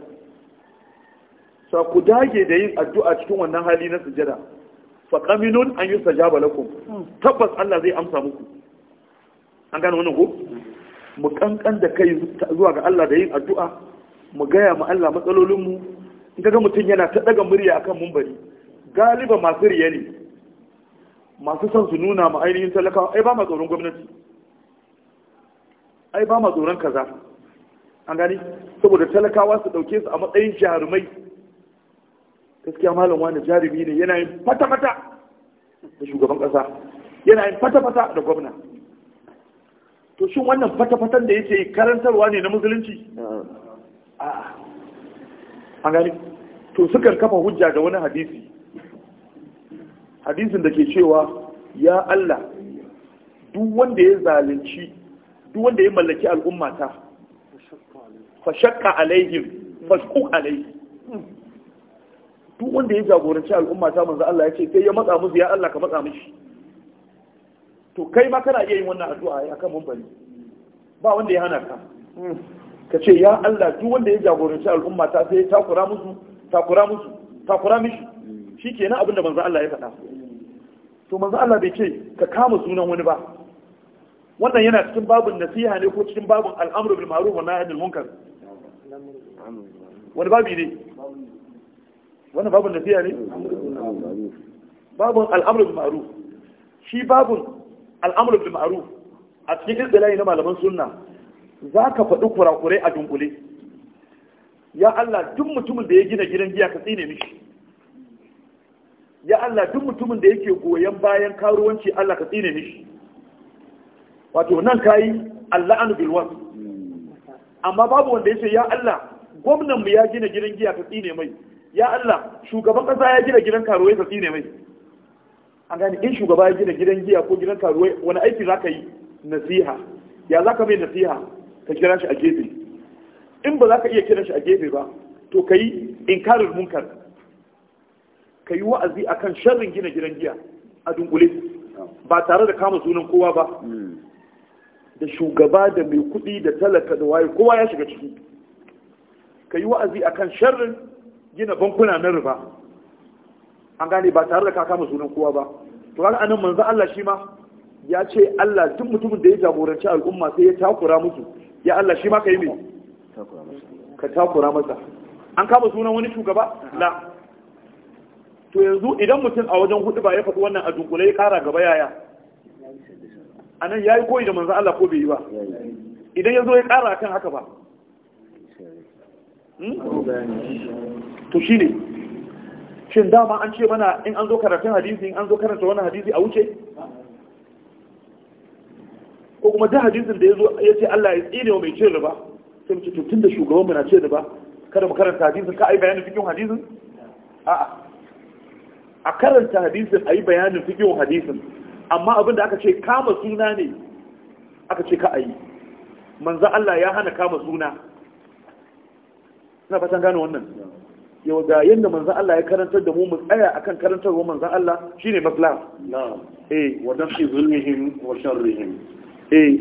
sa ku dage da yin addu'a cikin wannan hali na sujada fa qaminun an yusajaba lakum tabbas Allah zai amsa muku an gane wannan ko mu kankan da kai zuwa ga Allah da yin addu'a mu gaya mu Allah matsalolin mu in ga mutum yana ta daga murya akan mumbari galiba masu riya ne masu son su nuna ma ainihin talakawa ai ba ma tsoron gwamnati ai ba ma tsoron kaza an gani saboda talakawa su dauke su a matsayin jarumai gaskiya malam wani jarumi ne yana yin fata-fata da shugaban kasa yana yin fata-fata da gwamna to shin wannan fata-fatan da yake karantarwa ne na musulunci a gani to suka kafa hujja da wani hadisi hadisin da ke cewa ya Allah duk wanda ya zalunci duk wanda ya mallaki al'ummata fashakka alaihim fashku alaihim duk wanda ya jagoranci al'umma ta manzo Allah ya ce sai ya matsa musu ya Allah ka matsa mishi to kai ma kana iya yin wannan addu'a ya kan munbari ba wanda ya hana ka ka ce ya Allah duk wanda ya jagoranci al'umma ta sai takura musu takura musu takura mishi shikenan abinda manzo Allah ya faɗa to manzo Allah bai ce ka kama sunan wani ba wannan yana cikin babun nasiha ne ko cikin babun al'amru bil ma'ruf wa nahyi anil munkar wani babi ne wannan babun nasiya ne babun al'amru da ma'aru shi babun al'amru da ma'aru a cikin istilahi na malaman sunna ka faɗi kurakurai a dunkule ya Allah duk mutumin da ya gina gidan giya ka tsine mishi ya Allah duk mutumin da yake goyon bayan karuwanci Allah ka tsine mishi wato nan kayi Allah'anu bil wasf amma babu wanda yace ya Allah gwamnan mu ya gina gidan giya ka tsine mai ya Allah shugaban kasa ya gina gidan karuwai ka ne mai an gani, in shugaba ya gina gidan giya ko gidan karuwai wani aiki za ka yi nasiha ya za ka mai nasiha ka kira shi a gefe in ba za ka iya kira shi a gefe ba to ka yi inkarin munkar ka yi wa'azi a kan sharrin gina gidan giya a dunkule ba tare da kama sunan kowa ba da shugaba da mai kuɗi da talaka da waye kowa ya shiga ciki ka yi wa'azi a kan sharrin gina bankuna na riba an gane ba tare da ka kama sunan kowa ba to kaga anan manzo Allah shi ma ya ce Allah duk mutumin da ya jagoranci al'umma sai ya takura musu ya Allah shi ma kai me ka takura masa an kama sunan wani shugaba la to yanzu idan mutum a wajen hudu ba ya faɗi wannan a dunkule ya kara gaba yaya anan yayi koyi da manzo Allah ko bai yi ba idan ya zo ya kara kan haka ba Hmm? to shi ne shin dama an ce mana in an zo karatun hadisi in an zo karanta wani hadisi a wuce ko kuma da hadisin da ya zo ya ce Allah ya tsine wa mai ce ba, sai mace tun da shugaban mu na ce ba, kada mu karanta hadisin ka ai bayanin fikin hadisin a'a a karanta hadisin yi bayanin fikin hadisin amma abin da aka ce kama suna ne aka ce ka ayi manzo Allah ya hana kama suna na fatan gane wannan yau ga yadda manzan Allah ya karantar da mu mu tsaya karantar wa manzan Allah shine maslaha eh wadda dafi zulmihim wa sharrihim eh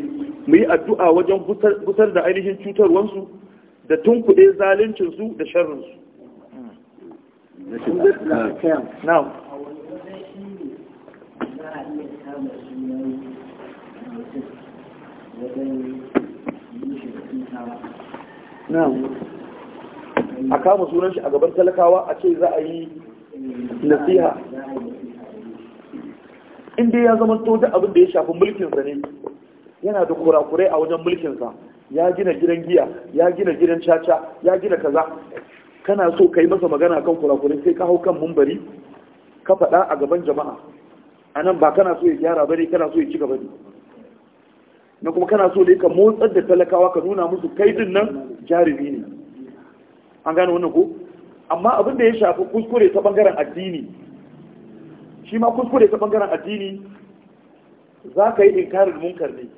mu yi addu'a wajen gusar da ainihin cutarwansu da tunkuɗe zaluncinsu da sharrinsu na'am na'am a kama sunan shi a gaban talakawa a ce za a yi nasiha inda ya zama to abin da ya shafi mulkinsa ne yana da kurakurai a wajen mulkinsa ya gina gidan giya ya gina gidan caca ya gina kaza kana so ka yi masa magana kan kurakurai sai ka hau kan mumbari ka faɗa a gaban jama'a a nan ba kana so ya gyara ba ne kana so ya ci gaba ne na kuma kana so da ka motsar da talakawa ka nuna musu kai din nan jarumi ne an gane wannan ko amma abin da ya shafi kuskure ta bangaren addini shi ma kuskure ta bangaren addini za ka yi inkarin munkar ne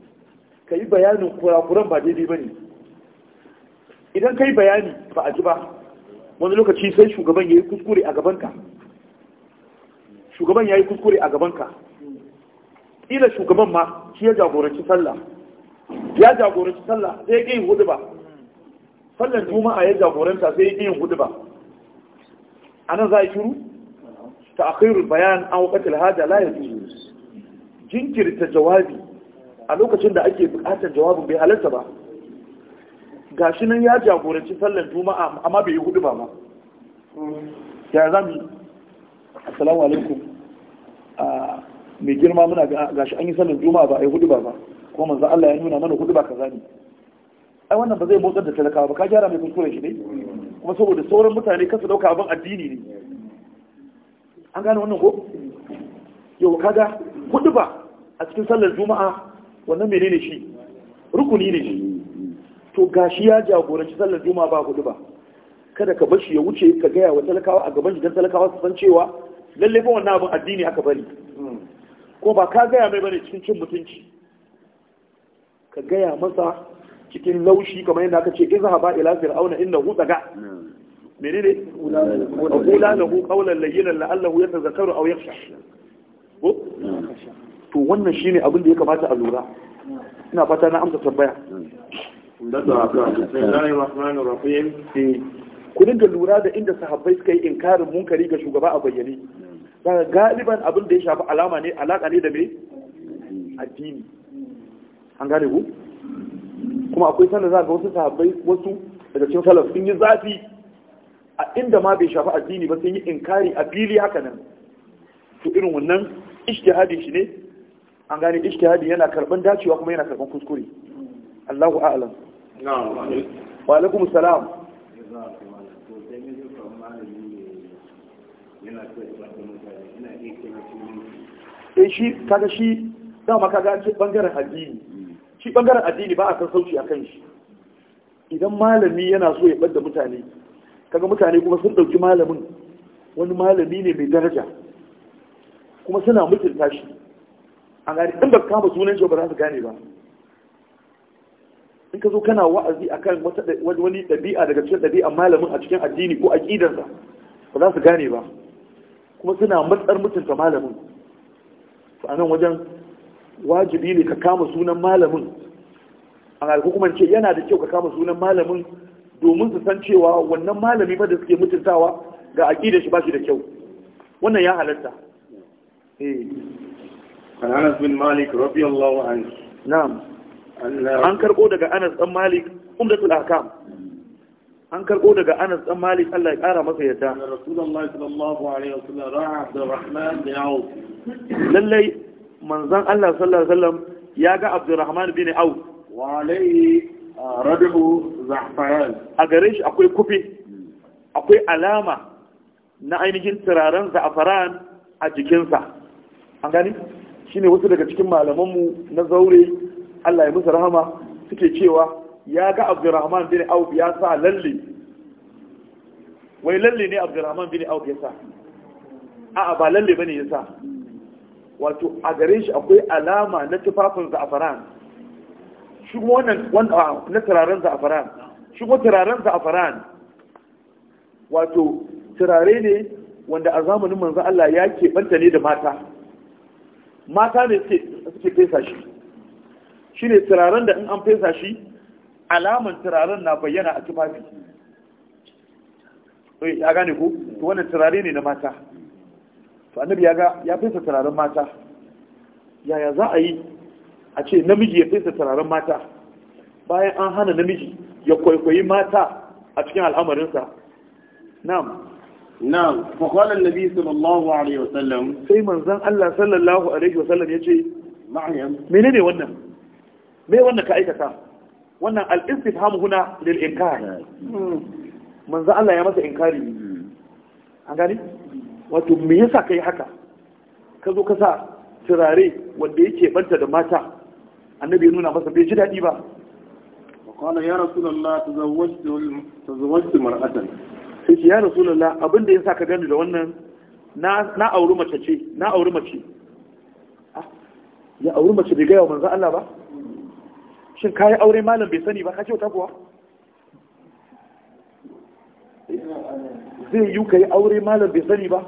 ka yi bayanin kurakuran ba daidai ba ne idan ka yi bayani ba a ji ba wani lokaci sai shugaban ya yi kuskure a gabanka shugaban ya yi kuskure a gabanka ila shugaban ma shi ya jagoranci sallah ya jagoranci sallah sai ya ƙi hudu ba sallar juma'a ya jagoranta sai yake yin hudu ba nan za a shiru ta akhirul bayan an wakatar hada la yajuz jinkirta jawabi a lokacin da ake bukatar jawabin bai halarta ba Ga shi nan ya jagoranci sallar juma'a amma bai yi hudu ba ma ya zami assalamu alaikum mai girma muna ga shi an yi sallar juma'a ba a yi hudu ba ba kuma za Allah ya nuna mana hudu ba kaza ne ai wannan ba zai motsar da talakawa ba ka gyara mai kuskure shi ne kuma saboda sauran mutane kasu dauka abin addini ne an gane wannan ko yau kaga kudu ba a cikin sallar juma'a wannan ne shi rukuni ne shi to gashi ya jagoranci sallar juma'a ba kudu ba kada ka bashi ya wuce ka gaya wa talakawa a gaban gidan talakawa su san cewa lallai fa wannan abin addini aka bari ko ba ka gaya mai bane cikin cin mutunci ka gaya masa cikin laushi kamar yadda aka ce izhaba ila fir'auna hu daga menene qula lahu qawlan layyinan la'allahu yatazakkaru aw yakhsha ko to wannan shine abin da ya kamata a lura ina fata na amsa tambaya ku dinga lura da inda sahabbai suka yi inkarin munkari ga shugaba a bayyane daga galiban abin da ya shafi alama ne alaka ne da me addini an gane ku kuma akwai sanda za ga wasu sahabbai wasu daga cikin salaf sun yi zafi a inda ma bai shafi addini ba sun yi inkari a fili haka nan to irin wannan ijtihadin shi ne an gane ijtihadi yana karban dacewa kuma yana karban kuskure Allahu a'lam wa alaikum salam eh shi kaga shi dama kaga bangaren addini shi bangaren addini ba a san sauci a kan shi idan malami yana so ya ɓadda mutane kaga mutane kuma sun ɗauki malamin wani malami ne mai daraja kuma suna mutunta shi a gani in ba kama sunan shi ba za su gane ba in ka zo kana wa'azi akan wani ɗabi'a daga cikin ɗabi'an malamin a cikin addini ko aƙidansa ba za su gane ba kuma suna matsar mutunta malamin a nan wajen wajibi ne ka kama sunan malamin an hukumar ce yana da kyau ka kama sunan malamin domin su san cewa wannan malami ba da suke mutuntawa ga aƙidar shi ba shi da kyau wannan ya halatta eh. an anas bin malik radiyallahu anhu na'am an karbo daga anas dan malik umdatul ahkam an karbo daga anas dan malik Allah ya kara masa yadda rasulullahi sallallahu alaihi wasallam ra'a abdurrahman bin auf lalle manzan Allah sallallahu alaihi wasallam ya ga Abdurrahman bin au. wa alai uh, radhu a gare shi akwai kufi akwai alama na ainihin turaren za'faran a jikinsa an gani shine wasu daga cikin malamanmu na zaure Allah ya musu rahama suke cewa ya ga Abdurrahman bin au ya sa lalle wai lalle ne Abdurrahman bin au ya sa a'a ba lalle bane ya sa wato a gare shi akwai alama na tufafin za'afaran shi kuma wannan ah, na turaren za'afaran shi kuma turaren za'afaran wato turare ne wanda a zamanin manzo Allah ya keɓanta ne da mata mata ne suke fesa shi shi ne turaren da in an fesa shi alaman turaren na bayyana a tufafi eh, ya gane ku wannan turare ne na mata to annabi ya ga ya fesa turaren mata yaya za a yi a ce namiji ya fesa turaren mata bayan an hana namiji ya kwaikwayi mata a cikin al'amarinsa na'am na'am fa qala annabi sallallahu alaihi wasallam sai manzon Allah sallallahu alaihi wasallam yace mene menene wannan me wannan ka aikata wannan al-istifham huna lil inkar hmm. manzon Allah ya masa inkari hmm. an gani wato me yasa kai haka ka zo ka sa turare wanda yake banta da mata annabi ya nuna masa bai ji daɗi ba qala ya rasulullah tazawwajtu tazawwajtu mar'atan sai ya rasulullah da yasa ka gani da wannan na auri mace ce na auri mace ah, ya auri mace bai gaya wa manzo Allah ba shin kai aure malam bai sani ba ka ta kuwa zai yi ka yi aure malam bai sani ba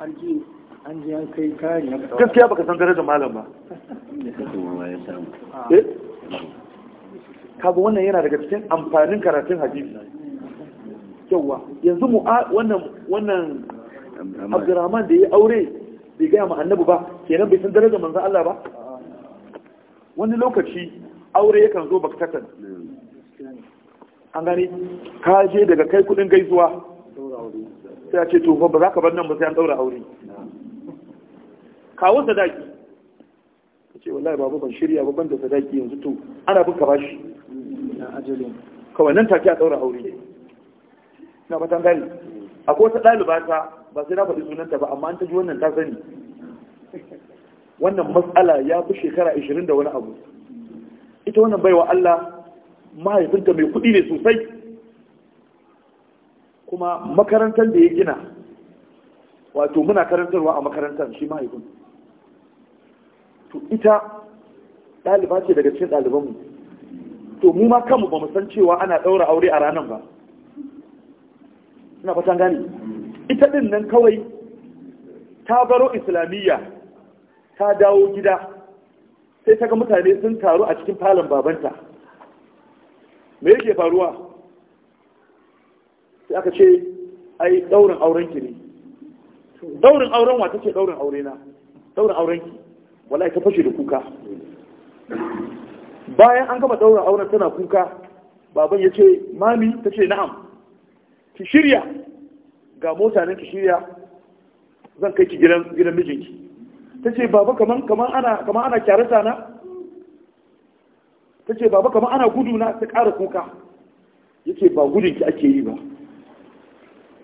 an ji an kai kari gaskiya baka san darajar malam ba eh? kaga wannan yana daga cikin amfanin karatun hadisi yawa yanzu mu wannan wannan abdurrahman da ya aure bai gaya ma annabi ba kenan bai san darajar manzon Allah ba wani lokaci aure yakan zo baktatan hmm. an gani ka je daga kai kudin gaisuwa sai a ce tufa ba za ka bar nan ba sai an daura aure kawo sadaki ka ce wallahi babu ban shirya ba ban da sadaki yanzu to ana bin ka bashi kawai nan take a daura aure na fatan gani akwai wata ɗaliba ta ba sai na faɗi sunanta ba amma an ta ji wannan ta sani wannan matsala ya fi shekara 20 da wani abu ita wannan baiwa Allah mahaifinta mai kuɗi ne sosai kuma makarantar da ya gina wato muna karantarwa a makarantar shi mahaifin to ita ɗaliba ce daga cikin ɗalibanmu to mu ma kanmu ba san cewa ana ɗaura aure a ranar ba ina fatan gani ita ɗin nan kawai ta baro islamiyya ta dawo gida sai ta ga mutane sun taru a cikin falon babanta me yake faruwa sai aka ce ai daurin auren ki ne daurin auren wa ce daurin aure na daurin auren ki wallahi ta fashe da kuka bayan an gama daurin auren tana kuka baban ya ce mami ta ce na'am ki shirya ga mota nan ki shirya zan kai ki gidan mijinki ta ce baba kaman ana kyarata na ta ce baba kamar ana gudu na ta ƙara kuka ya ba gudun ki ake yi ba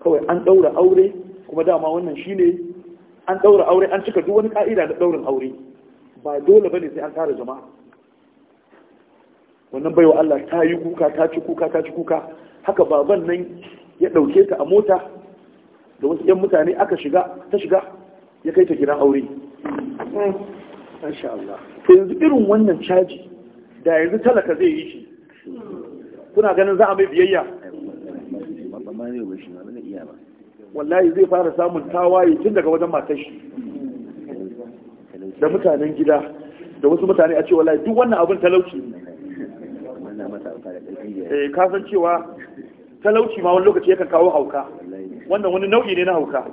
kawai an ɗaura aure kuma dama wannan shi ne an ɗaura aure an cika duk wani ƙa'ida da ɗaurin aure ba dole ba ne sai an ƙara jama'a wannan baiwa Allah ta yi kuka ta ci kuka ta ci kuka haka baban nan ya ɗauke ta a mota da wasu 'yan mutane aka shiga ta shiga ya kai ta gidan aure. Allah. Yanzu irin wannan caji da yanzu talaka zai yi shi kuna ganin za a mai biyayya wallahi zai fara samun tawaye tun daga wajen matar shi da mutanen gida da wasu mutane a ce wallahi duk wannan abin talauci ne eh, ka san cewa talauci ma wani lokaci yakan kawo hauka wannan wani nau'i ne na hauka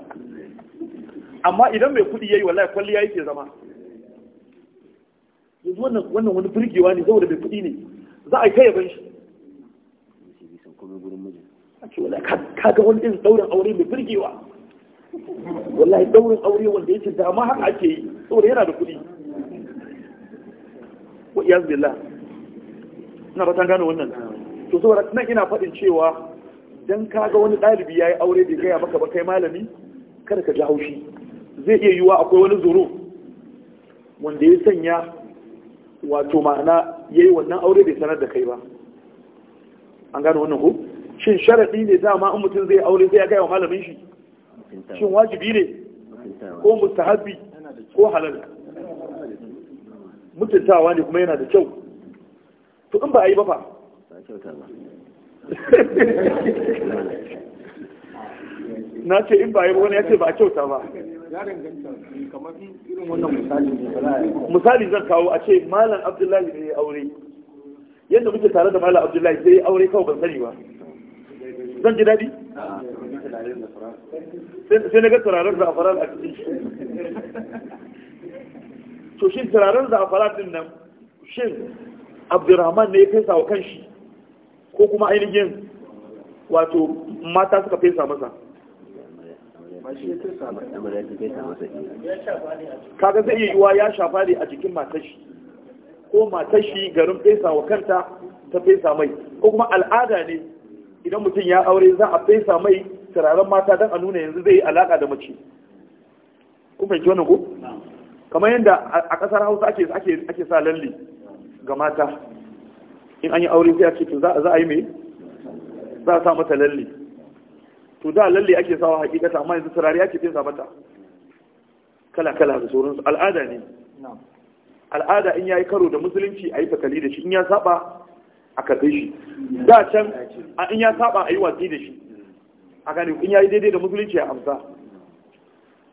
amma idan mai kudi yayi wallahi kwalliya yake zama yanzu wannan wannan wani burgewa ne saboda bai kuɗi ne za a kai yaban shi a wala ka ga wani irin daurin aure mai burgewa wallahi daurin aure wanda yake dama haka ake yi saboda yana da kuɗi wa iyaz billah ina fatan gano wannan to saboda nan ina faɗin cewa dan kaga wani ɗalibi yi aure bai gaya maka ba kai malami kada ka ji haushi zai iya yiwuwa akwai wani zoro wanda ya sanya wato ma'ana ya yi wannan aure bai sanar da kai ba an gano wannan ku? shin sharaɗi ne dama in mutum zai aure zai gaya wa malamin shi shin wajibi ne ko mustahabi ko halal mutuntawa ne kuma yana da kyau to in ba a yi ba fa na ce in ba a yi ba wani ya ce ba a kyauta ba ya danganta kamar irin wannan misali misali zan kawo a ce malam abdullahi ne ya aure yadda muke tare da malam abdullahi sai ya aure kawai ban sani ba zan ji daɗi sai na ga turaren za'afaran a cikin shi to shi turaren a din nan shin abdurrahman ne ya fesa wa kanshi ko kuma ainihin wato mata suka fesa masa kaga zai yiwuwa ya shafa ne a jikin matashi ko matashi garin fesa wa kanta ta fesa mai ko kuma al'ada ne idan mutum ya aure za a fesa mai turaren mata don a nuna yanzu zai yi alaka da mace kun fahimci wani ko kamar yadda a kasar hausa ake ake sa lalle ga mata in an yi aure sai a ce za a yi mai za a sa mata lalle to da lalle ake sawa hakikata amma yanzu turare ake fesa mata kala kala da su. al'ada ne al'ada in yayi karo da musulunci a yi fakali da shi in ya saba a karbe shi da can in ya saba a yi watsi da shi a gane in yayi daidai da musulunci a amsa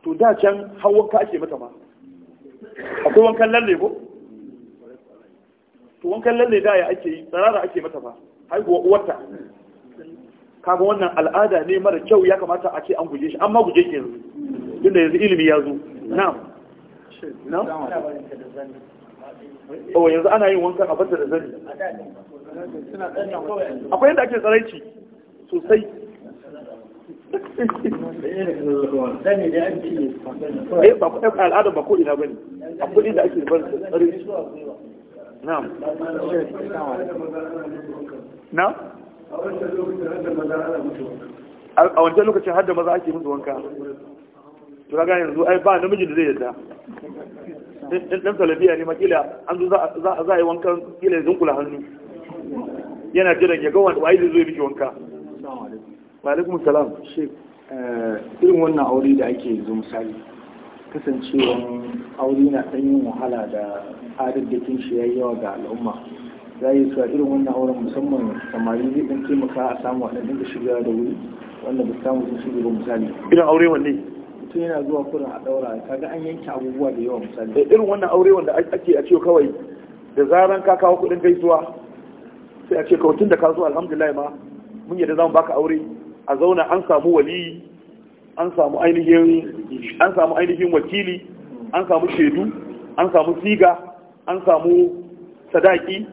to da can hawanka ake mata ma akwai wankan lalle ko to wankan lalle da ya ake yi da ake mata ba haihuwa uwarta kaga wannan al'ada ne mara kyau ya kamata a ce an guje shi amma guje ke tunda yanzu ilimi ya zo na'am na'am oh yanzu ana yin wanka a fata da zani akwai yadda ake tsaraici sosai eh ba ku ɗaya al'adar ba ko ina ba ne a kuɗin da ake bar tsaraici na'am na'am a wancan lokacin har da maza ake musu wanka to ga yanzu ai ba namiji da zai yarda dan salafiya ne makila an zo za a yi wankan kila yanzu kula hannu yana jiran ya ga wanda wai zai zo ya miki wanka wa alaikum salam shek eh, irin wannan aure da ake yanzu misali kasancewan aure na ɗan yin wahala da adadin shi yayi yawa ga al'umma za yi su a irin wannan auren musamman samari zai ɗan taimaka a samu waɗanda da shiga da wuri wanda ba samu sun shiga ba misali irin aure wanne mutum yana zuwa kurin a ɗaura ga an yanke abubuwa da yawa misali da eh, irin wannan aure wanda ake a cewa kawai da zaran ka kawo kuɗin gaisuwa sai a ce kawai tun da ka zo alhamdulillah ma mun yadda za mu baka aure a zauna an samu waliyi an samu ainihin an samu ainihin wakili an samu shaidu an samu siga an samu sadaki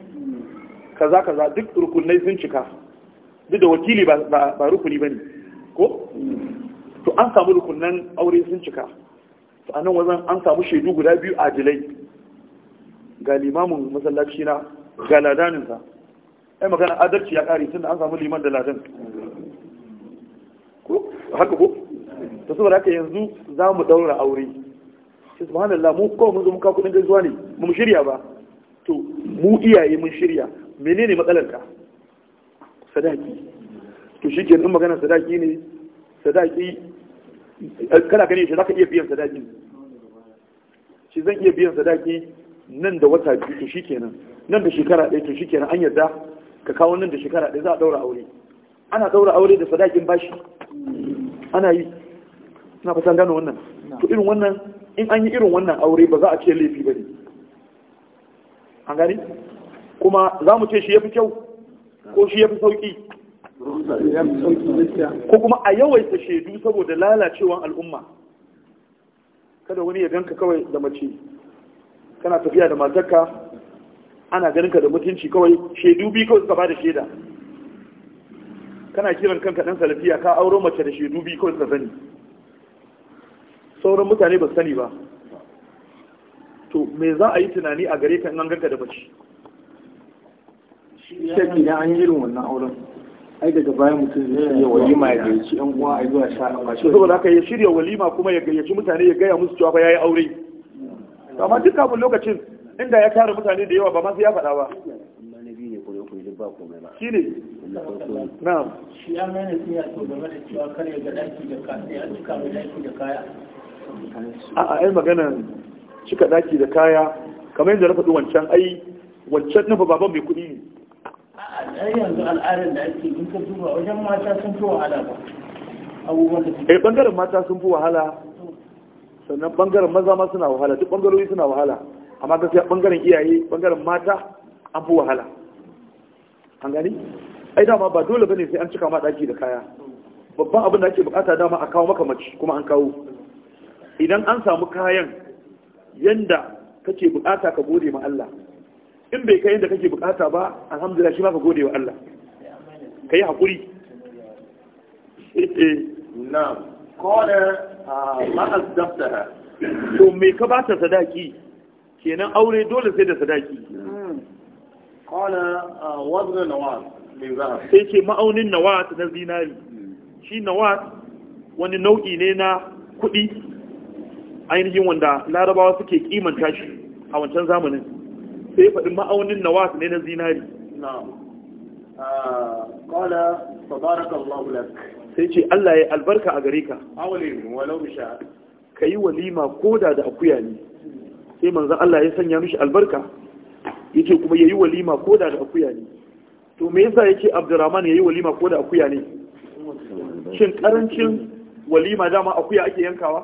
kaza kaza duk rukunai sun cika duk da wakili ba rukuni ba ne ko to an samu rukunan aure sun cika to a nan wajen an samu shaidu guda biyu a jilai ga limamin masallaci na ga ladaninsa ai magana adalci ya kare da an samu liman da ladan ko haka ko to saboda haka yanzu za mu daura aure shi subhanallah mu ko mun zo muka kudin gaisuwa ne mu shirya ba to mu iyaye mun shirya menene matsalarka sadaki to shi ke magana sadaki ne sadaki eh, ka gani shi za ka iya biyan sadaki shi zan iya biyan sadaki nan da wata biyu to shi kenan nan da shekara ɗaya to shi kenan an yarda ka kawo nan da shekara ɗaya za a ɗaura aure ana ɗaura aure da sadakin bashi ana yi na fatan gano wannan to irin wannan in an yi irin wannan aure ba za a ce laifi ba ne an gani kuma za mu ce shi ya fi kyau ko shi ya fi sauƙi ko kuma a yawaita shaidu saboda lalacewan al'umma kada wani ya ganka kawai da mace kana tafiya da matarka ana ganinka da mutunci kawai shaidu biyu kawai suka ba da shaida kana kiran kanka ɗan salafiya ka auro mace da shaidu biyu kawai suka sani sauran mutane ba sani ba to me za a yi tunani a gare ka in an ganka da mace shafi na an yi irin wannan auren ai daga bayan mutum zai shirya walima ya gayyaci yan uwa a zuwa sha amma shi saboda haka ya shirya walima kuma ya gayyaci mutane ya gaya musu cewa fa yayi aure amma duk kafin lokacin inda ya tara mutane da yawa ba ma sai ya faɗa ba shi ne na'am shi ya mai ne ya game da cewa kar ya ga daki da kaya ya cika mai daki da kaya a'a ai magana cika daki da kaya kamar yadda na faɗi wancan ai wancan nufa baban mai kuɗi ne ai yanzu al'adar da ake in ka duba wajen mata sun fi wahala ba abubuwan da suke ɓangaren eh, mata sun fi wahala sannan ɓangaren maza ma suna wahala duk ɓangarori suna wahala amma gaskiya ɓangaren iyaye ɓangaren mata an fi wahala an gani ai dama ba dole bane sai an cika ma ɗaki da kaya babban abin da ake bukata dama a kawo maka mace kuma an kawo idan an samu kayan yanda kake bukata ka gode ma Allah in bai kai yadda kake bukata ba alhamdulillah shi ma ka gode wa Allah ka yi haƙuri na kone to me ka ba ta sadaki kenan aure dole sai da sadaki kone min nawa sai ce ma'aunin nawa na zinari hmm. shi nawa wani nau'i ne na kuɗi ainihin wanda larabawa suke kimanta shi a wancan zamanin sai faɗi ma'aunin wasu ne na zinari ah, sai ce Allah ya albarka a gare ka Ka yi walima ko da da akuya ne sai manzan Allah ya sanya mishi albarka ce kuma ya yi walima ko da da akuya ne to me yasa yake Abdurrahman yi walima ko da akuya ne shin karancin walima dama akuya ake yankawa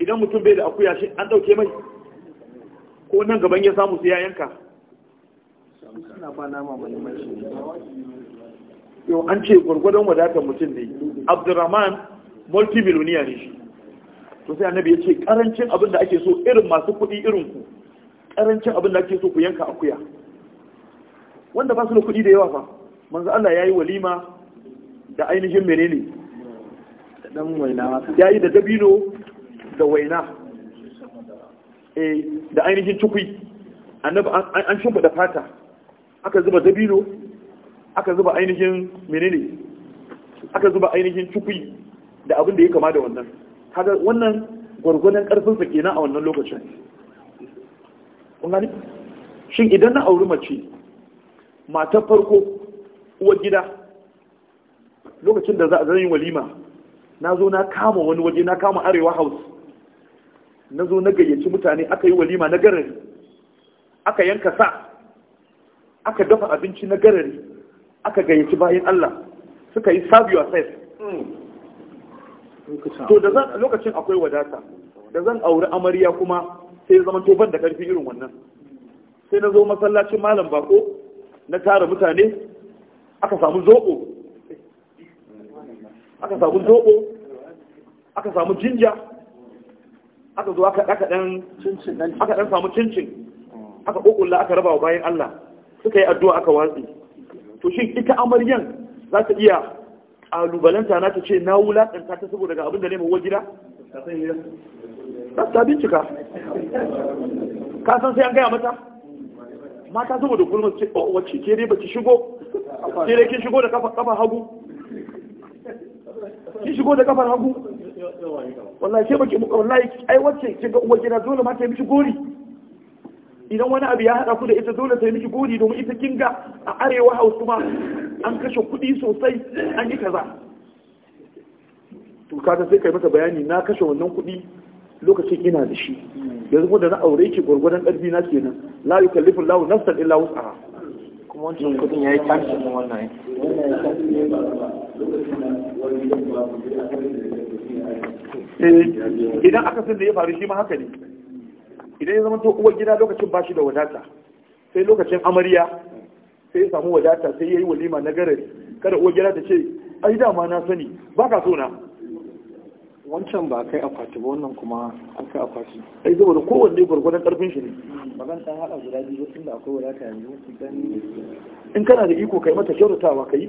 idan mutum bai da akuya shi an ɗauke mai ko nan gaban ya samu sai ya yanka yau an ce gwargwadon wadatar mutum ne abdurrahman multimiloniya ne shi to sai annabi ya ce karancin abin da ake so irin masu kuɗi irin ku karancin abin da ake so ku yanka akuya wanda ba su da kuɗi da yawa fa manzo Allah yi walima da ainihin menene da dan yayi da dabino da waina Eh, da ainihin tukui annabi an da fata aka zuba dabino aka zuba ainihin menene aka zuba ainihin tukui da abin da ya kama da wannan kaga wannan gwargwadon karfin sa kenan a wannan lokacin kun gani shin idan na auri mace matar farko uwar gida lokacin da za a zan yi walima na zo na kama wani waje na kama arewa house na zo na gayyaci mutane aka yi walima na garari aka yanka sa aka dafa abinci na garari aka gayyaci bayan Allah suka yi serve yourself to da zan lokacin akwai wadata da zan auri amarya kuma sai zaman toban da karfi irin wannan sai na zo masallacin malam bako na tara mutane aka samu zoɓo aka samu zoɓo aka samu jinja aka zo aka aka dan aka dan samu cincin aka kokulla aka raba wa bayan Allah suka yi addu'a aka watsi to shin ita amaryan za ta iya kalubalanta na ta ce na wulaƙanta ta saboda ga abin da ne mawa gida za ta bincika ka san sai an gaya mata mata saboda gulma ce oh, wacce ke dai baki shigo ke dai kin shigo da kafa hagu kin shigo da kafar hagu wallahi sai baki wallahi ai wacce kin ga uwar gida dole ma ta yi miki gori idan wani abu ya hada ku da ita dole ta yi miki gori domin ita kin ga a arewa hausa ma an kashe kuɗi sosai an yi kaza to kaga sai kai mata bayani na kashe wannan kuɗi lokacin ina da shi yanzu da na aure ki gwargwadon ƙarfi na kenan la yukallifu Allahu nafsan illa wus'aha kuma wancan kudin yayi tantance wannan Eh, idan aka san da ya faru shi ma haka ne idan ya zama to uwar gida lokacin bashi da wadata sai lokacin amarya sai ya samu wadata sai ya yi walima na garari kada uwar gida ta ce ai dama na sani ba ka so na wancan ba kai akwati ba wannan kuma an kai akwati ai da kowanne gwargwadon karfin shi ne magan ta haɗa guda biyu tun da akwai wadata yanzu dan in kana da iko kai mata kyautatawa kai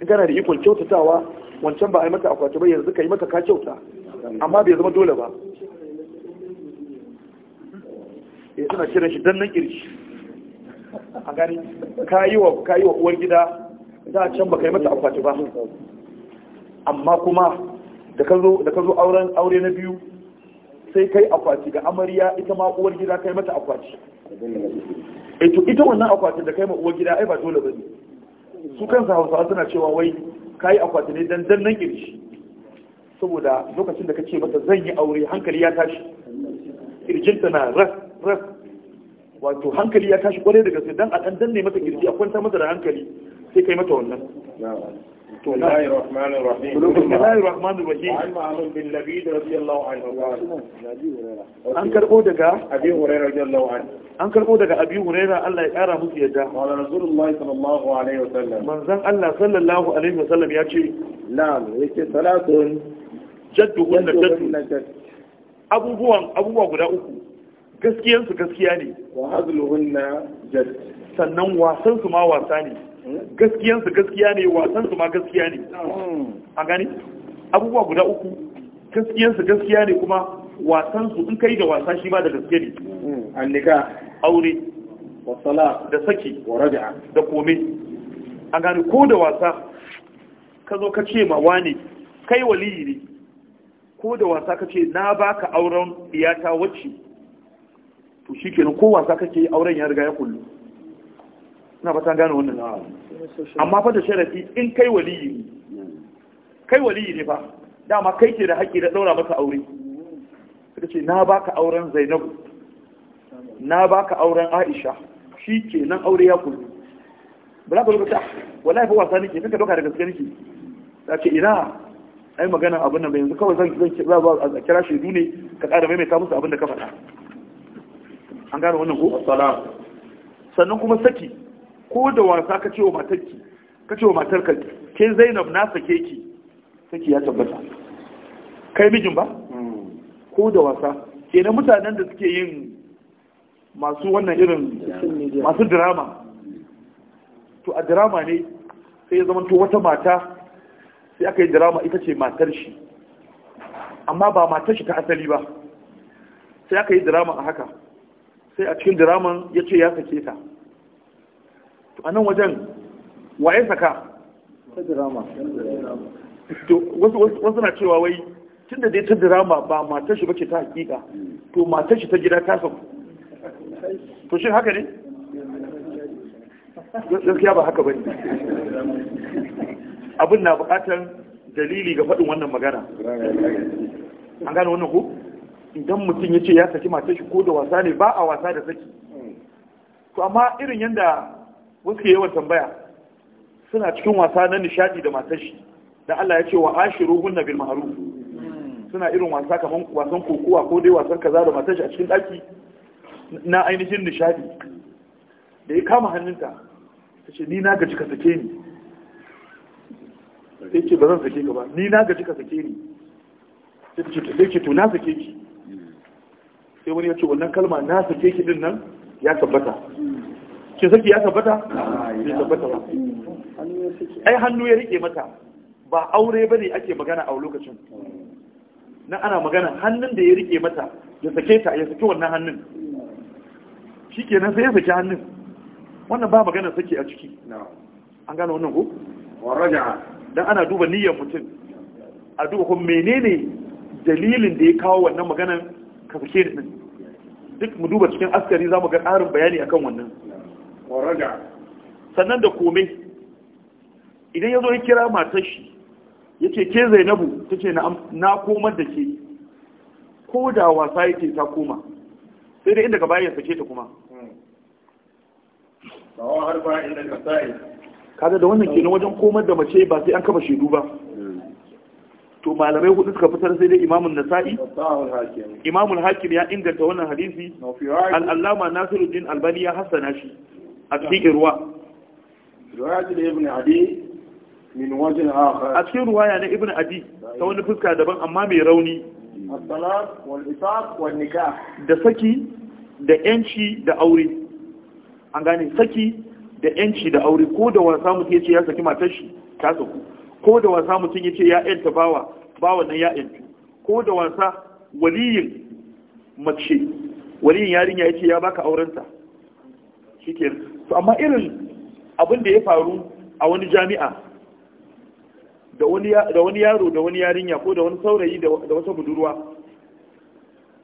in kana da iko kyautatawa wancan ba a yi mata akwati ba yanzu ka yi mata ka kyauta amma bai zama dole ba ya eh, suna kiran shi dannan kirki a gani ka yi wa uwar gida za a can ba ka yi mata akwati ba amma kuma da ka zo aure na biyu sai kai akwati ga amarya ita ma uwar gida kai mata akwati eh, ita wannan akwatin da kai ma uwar gida ai ba dole ba ne su kansa hausawa suna cewa wai kayi akwati ne dan dan nan saboda lokacin da kace mata zan yi aure hankali ya tashi kirjinta na ras ras wato hankali ya tashi kwarai da gaske dan a dan danne mata kirji a kwanta mata da hankali sai kai mata wannan an karbo daga abi hurairah radiyallahu anhu an karbo daga Abin hurairah Allah ya kara musu yadda qala rasulullahi sallallahu alaihi wasallam manzon Allah sallallahu alaihi wasallam ya ce na'am yake salatun jaddu hunna jaddu abubuwan abubuwa guda uku gaskiyansu gaskiya ne wa hazluhunna jadd sannan wasan su ma wasa ne gaskiyansu gaskiya ne wasansu ma gaskiya ne a gani abubuwa guda uku gaskiyansu gaskiya ne kuma wasansu in kai da wasa shi ma da gaske ne annika aure wasala da saki da kome a gani ko da wasa ka zo ka ce ma ne? kai waliyi ne ko da wasa ka ce na baka auren iyata wacce to shi kenan ko wasa ka ce auren ya riga ya kullu na fatan gane wannan na. amma fa da sharafi in kai waliyi ne kai waliyi ne ba dama kai ke da haƙƙi da ɗaura maka aure suka ce na baka auren zainabu na baka auren aisha shi ke nan aure ya kullu ba za ka lokaci wallahi fa wasa nake kanka doka da gaske nake ta ce ina ai magana abin nan bai yanzu kawai zan zan kira ba a kira shi ne ka ƙara maimaita musu abin da ka faɗa an gane wannan ko sannan kuma saki ko da wasa ka ce wa matarki ka ce wa matarka ke zainab na sake ki saki ya tabbata kai mijin ba hmm. ko da wasa kenan mutanen da suke yin masu wannan irin masu drama to a drama ne sai ya zama to wata mata sai aka yi drama ita ce matar shi amma ba matar shi ta asali ba sai aka yi drama a haka sai a cikin draman ya ce ya sake ta a nan wajen waye saka ta dirama wasu na cewa wai tunda dai ta dirama ba matar shi bace ta hakika to matar shi ta gida ta saku to shin haka ne gaskiya ba haka bane abin na bukatar dalili ga faɗin wannan magana an gane wannan ko idan mutum ya ce ya saki matashi, shi ko da wasa ne ba a wasa da saki to amma irin yadda wasu yawan tambaya suna cikin wasa na nishadi da matar shi da Allah ya ce wa ashiru hunna bil ma'ruf suna irin wasa kaman wasan kokowa ko dai wasan kaza da matar shi a cikin daki na ainihin nishadi da ya kama hannunta ta ce ni na gaji ka sake ni sai ce ba zan sake ka ba ni na gaji ka sake ni sai ce to na sake ki sai wani ya ce wannan kalma na sake ki din nan ya tabbata ke saki ya tabbata bai tabbata ba ai hannu ya rike mata ba aure ba ne ake magana a lokacin nan ana magana hannun da ya rike mata ya sake ta ya saki wannan hannun shikenan sai ya saki hannun wannan ba magana sake a ciki an gane wannan ko dan ana duba niyyar mutum a duba kuma menene dalilin da ya kawo wannan maganan ka sake ni duk mu duba cikin askari za mu ga ƙarin bayani akan wannan sannan da kome idan ya zo ya kira matar shi ya ce ke zainabu ta ce na komar da ke ko da wasa yake ta koma sai da inda ka bayan sake ta kuma kada hmm. da wannan kenan wajen komar da mace ba sai an kama shaidu ba hmm. to malamai hudu suka fitar sai dai imamun nasa'i imamun hakim ya inganta wannan hadisi al'allama nasiruddin albani ya hassana shi a cikin ruwa a cikin ya na ibn adi ta wani fuska daban amma mai rauni da saki da yanci da aure an gane saki da yanci da aure ko da wasa mutum ya ce ya saki matar shi ta saku ko da wasa mutum ya ce ya yanta bawa bawa nan ya ‘yanta, ko da wasa waliyin mace waliyin yarinya ya ce ya baka aurenta shi ke to amma irin abin da ya faru a wani jami'a da wani yaro da wani yarinya ko da wani saurayi da wata budurwa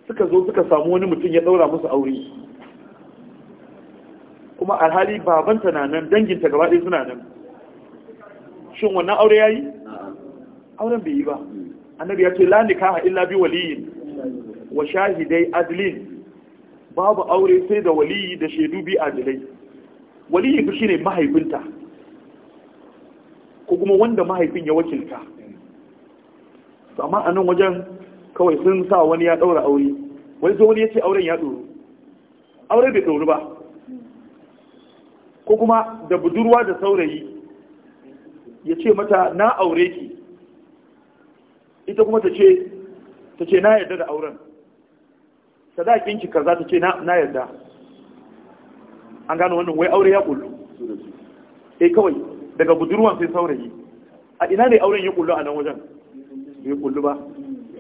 suka zo suka samu wani mutum ya daura musu aure kuma alhali babanta na nan danginta gaba ɗaya suna nan shin wannan aure ya yi? auren bai yi ba annabi ya ce la nikaha illa bi waliyin wa shahidai adlin babu aure sai da waliyi da shaidu bi adilai waliyi fi shine mahaifinta ko kuma wanda mahaifin ya wakilta amma a nan wajen kawai sun sa wani ya daura aure wani zo wani ya ce auren ya ɗoro auren bai ɗoro ba ko kuma da budurwa da saurayi ya ce mata na aure ki ita kuma ta ce na yarda da auren sadakinki kaza ta ce na yarda an gano wannan wai aure ya kullu eh kawai daga budurwan sai saurayi a ina ne auren ya kullu a nan wajen bai kullu ba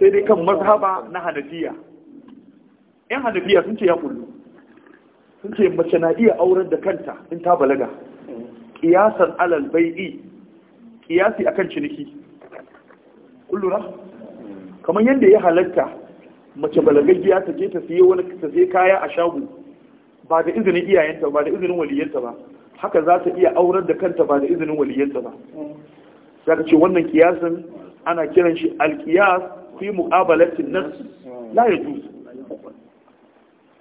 sai dai kan mazhaba na hanafiya yan hanafiya sun ce ya kullu sun ce mace na iya auren da kanta in ta balaga kiyasan alal bai'i kiyasi akan ciniki kullu ra kamar yadda ya halatta mace balagaggiya ta je ta siye wani ta siye kaya a shago ba da izinin iyayenta ba da izinin waliyanta ba haka za ta iya aurar da kanta ba da izinin waliyanta ba za ka ce wannan kiyasin ana kiran shi alkiyas fi muqabalatin nas la yajuz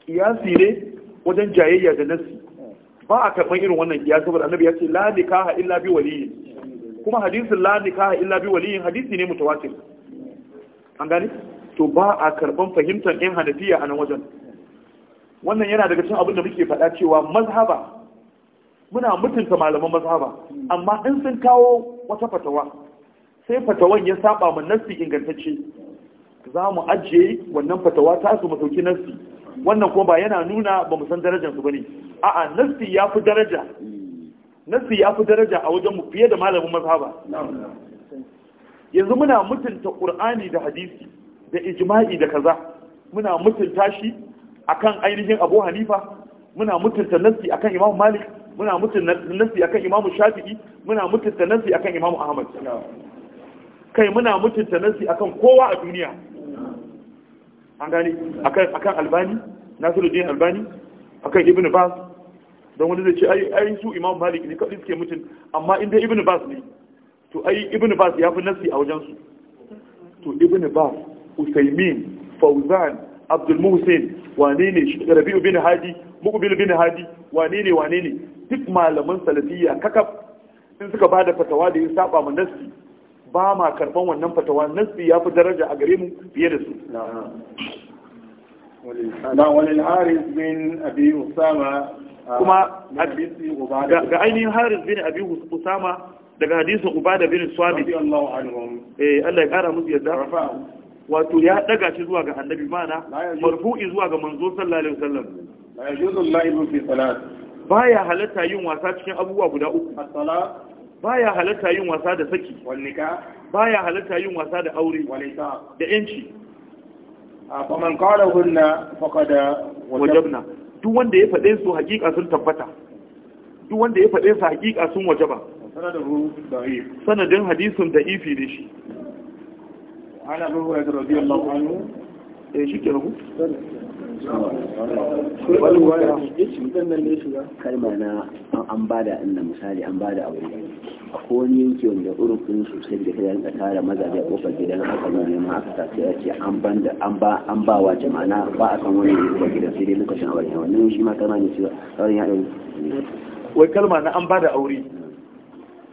kiyasi ne wajen jayayya da nasi ba a karɓar irin wannan kiyasi saboda annabi ya ce la nikaha illa bi waliyin kuma hadisin la nikaha illa bi waliyin hadisi ne mutawatir an gani to ba a karɓar fahimtar ɗin hanafiya a nan wajen wannan yana daga cikin abin da muke faɗa cewa mazhaba muna mutunta malaman mazhaba amma in sun kawo wata fatawa sai fatawan ya saba mu nassi ingantacce za mu ajiye wannan fatawa ta su masauki wannan kuma ba yana nuna ba mu san darajar su bane a'a nassi ya fi daraja nassi ya fi daraja a wajen mu fiye da malamin mazhaba yanzu muna mutunta qur'ani da hadisi da ijma'i da kaza muna mutunta shi akan ainihin abu hanifa muna mutunta nassi akan imam malik muna mutunta nassi akan imam shafi'i muna mutunta nassi akan imam ahmad kai muna mutunta nassi akan kowa a duniya an gane akan akan albani nasiruddin albani akan ibnu bas don wani zai ce ai ai su imam malik ne kadai suke mutun amma in dai ibnu bas ne to ai ibnu bas ya fi nassi a wajen su to ibnu bas usaymin fauzan abdul muhsin wane ne rabi'u bin hadi muqbil bin hadi wane ne wane ne duk malaman salafiyya kakaf in suka ba da fatawa da ya saba mu nassi ba ma karban wannan fatawa nassi ya fi daraja a gare mu fiye da su na walil haris bin abi usama ah, kuma ga ainihin haris bin abi usama daga hadisin ubada bin swami eh, Allah ya kara musu yadda wato ya daga shi zuwa ga annabi mana marfu'i zuwa ga manzo sallallahu alaihi wasallam baya halatta yin wasa cikin abubuwa guda uku baya halatta yin wasa da saki baya halatta yin wasa da aure da yanci ah, fa man qala hunna faqad wajabna duk wanda ya fade su hakika sun tabbata duk wanda ya fade su hakika sun wajaba sanadin hadisin da ifi da shi ana bin wayar rabi Allah anu eh shi ke rubu wani waya ya an bada inna misali an a kowane yanki wanda urufin su da kayan tsakara mazaje a kofar gidan haka ne ne ma aka ce an an ba an ba wa jama'a ba a san wani ne kofar gidan sai dai lokacin aure wannan shi ma kalma ne cewa sauran ya wai kalma na an bada aure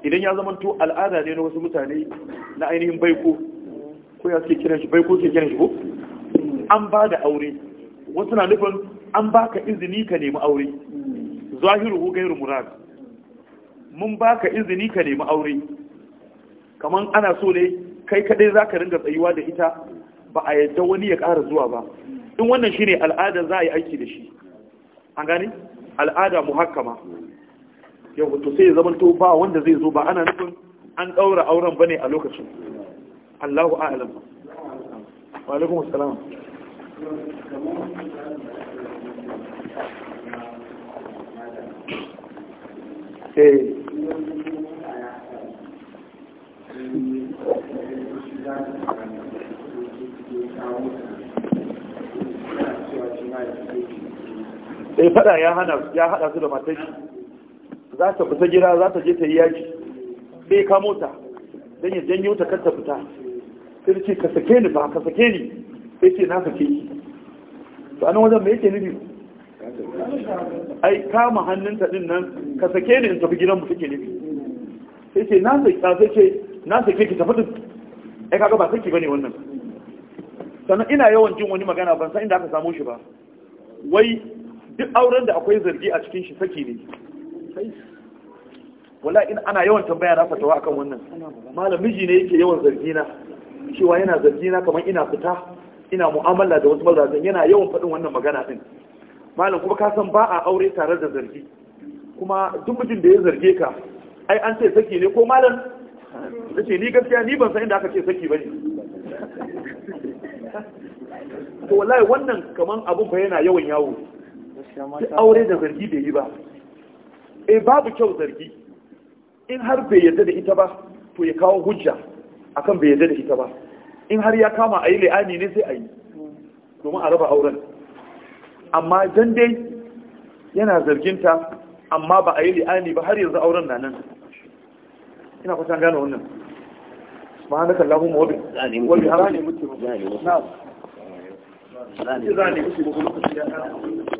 idan ya zama to al'ada ne na wasu mutane na ainihin baiko ko ya suke kiran shi bai ko suke kiran shi ko an ba da aure wasu na nufin an baka izini ka nemi aure zahiru ko gairu murad mun baka izini ka nemi aure Kamar ana so ne kai kadai ka ringa tsayuwa da ita ba a yadda wani ya ƙara zuwa ba in wannan shine al'ada za a yi aiki da shi an gane al'ada muhakkama yau to sai ya zamanto ba wanda zai zo ba ana nufin an ɗaura auren ba ne a lokacin الله أعلم wa السلام assalam eh sai eh, fada ya hana ya hada su da matashi za ta fita gida za ta je ta yi yaki sai ka mota don yi janyo ta kar ta fita sai ce ka sake ni ba ka sake ni sai ce na sake ki to anan wajen mai yake nufi ai kama hannunta din nan ka sake ni in tafi gidan mu suke nufi sai ce na sake sai ce na sake ki tafi din ai kaga ba sake bane wannan sannan ina yawan jin wani magana ban san inda aka samu shi ba wai duk auren da akwai zargi a cikin shi saki ne wala ina ana yawan tambaya na fatawa akan wannan malam miji ne yake yawan zargi na cewa yana zargi na kamar ina fita ina mu'amala da wasu mazajen yana yawan faɗin wannan magana din malam kuma ka san ba a aure tare da zargi kuma duk mutum da ya zarge ka ai an ce saki ne ko malam da ce ni gaskiya ni ban san inda aka ce saki bane to wallahi wannan kaman abu fa yana yawan yawo aure da zargi bai yi ba eh babu kyau zargi in har bai yarda da ita ba to ya kawo hujja akan bai yarda da ita ba in har ya kama a yi la'ani ne sai a yi domin a raba auren amma dan dai yana zarginta amma ba a yi la'ani ba har yanzu auren na nan ina kusan gane wannan subhanaka allahumma wa bihamdika wa Wani na'am ne mutu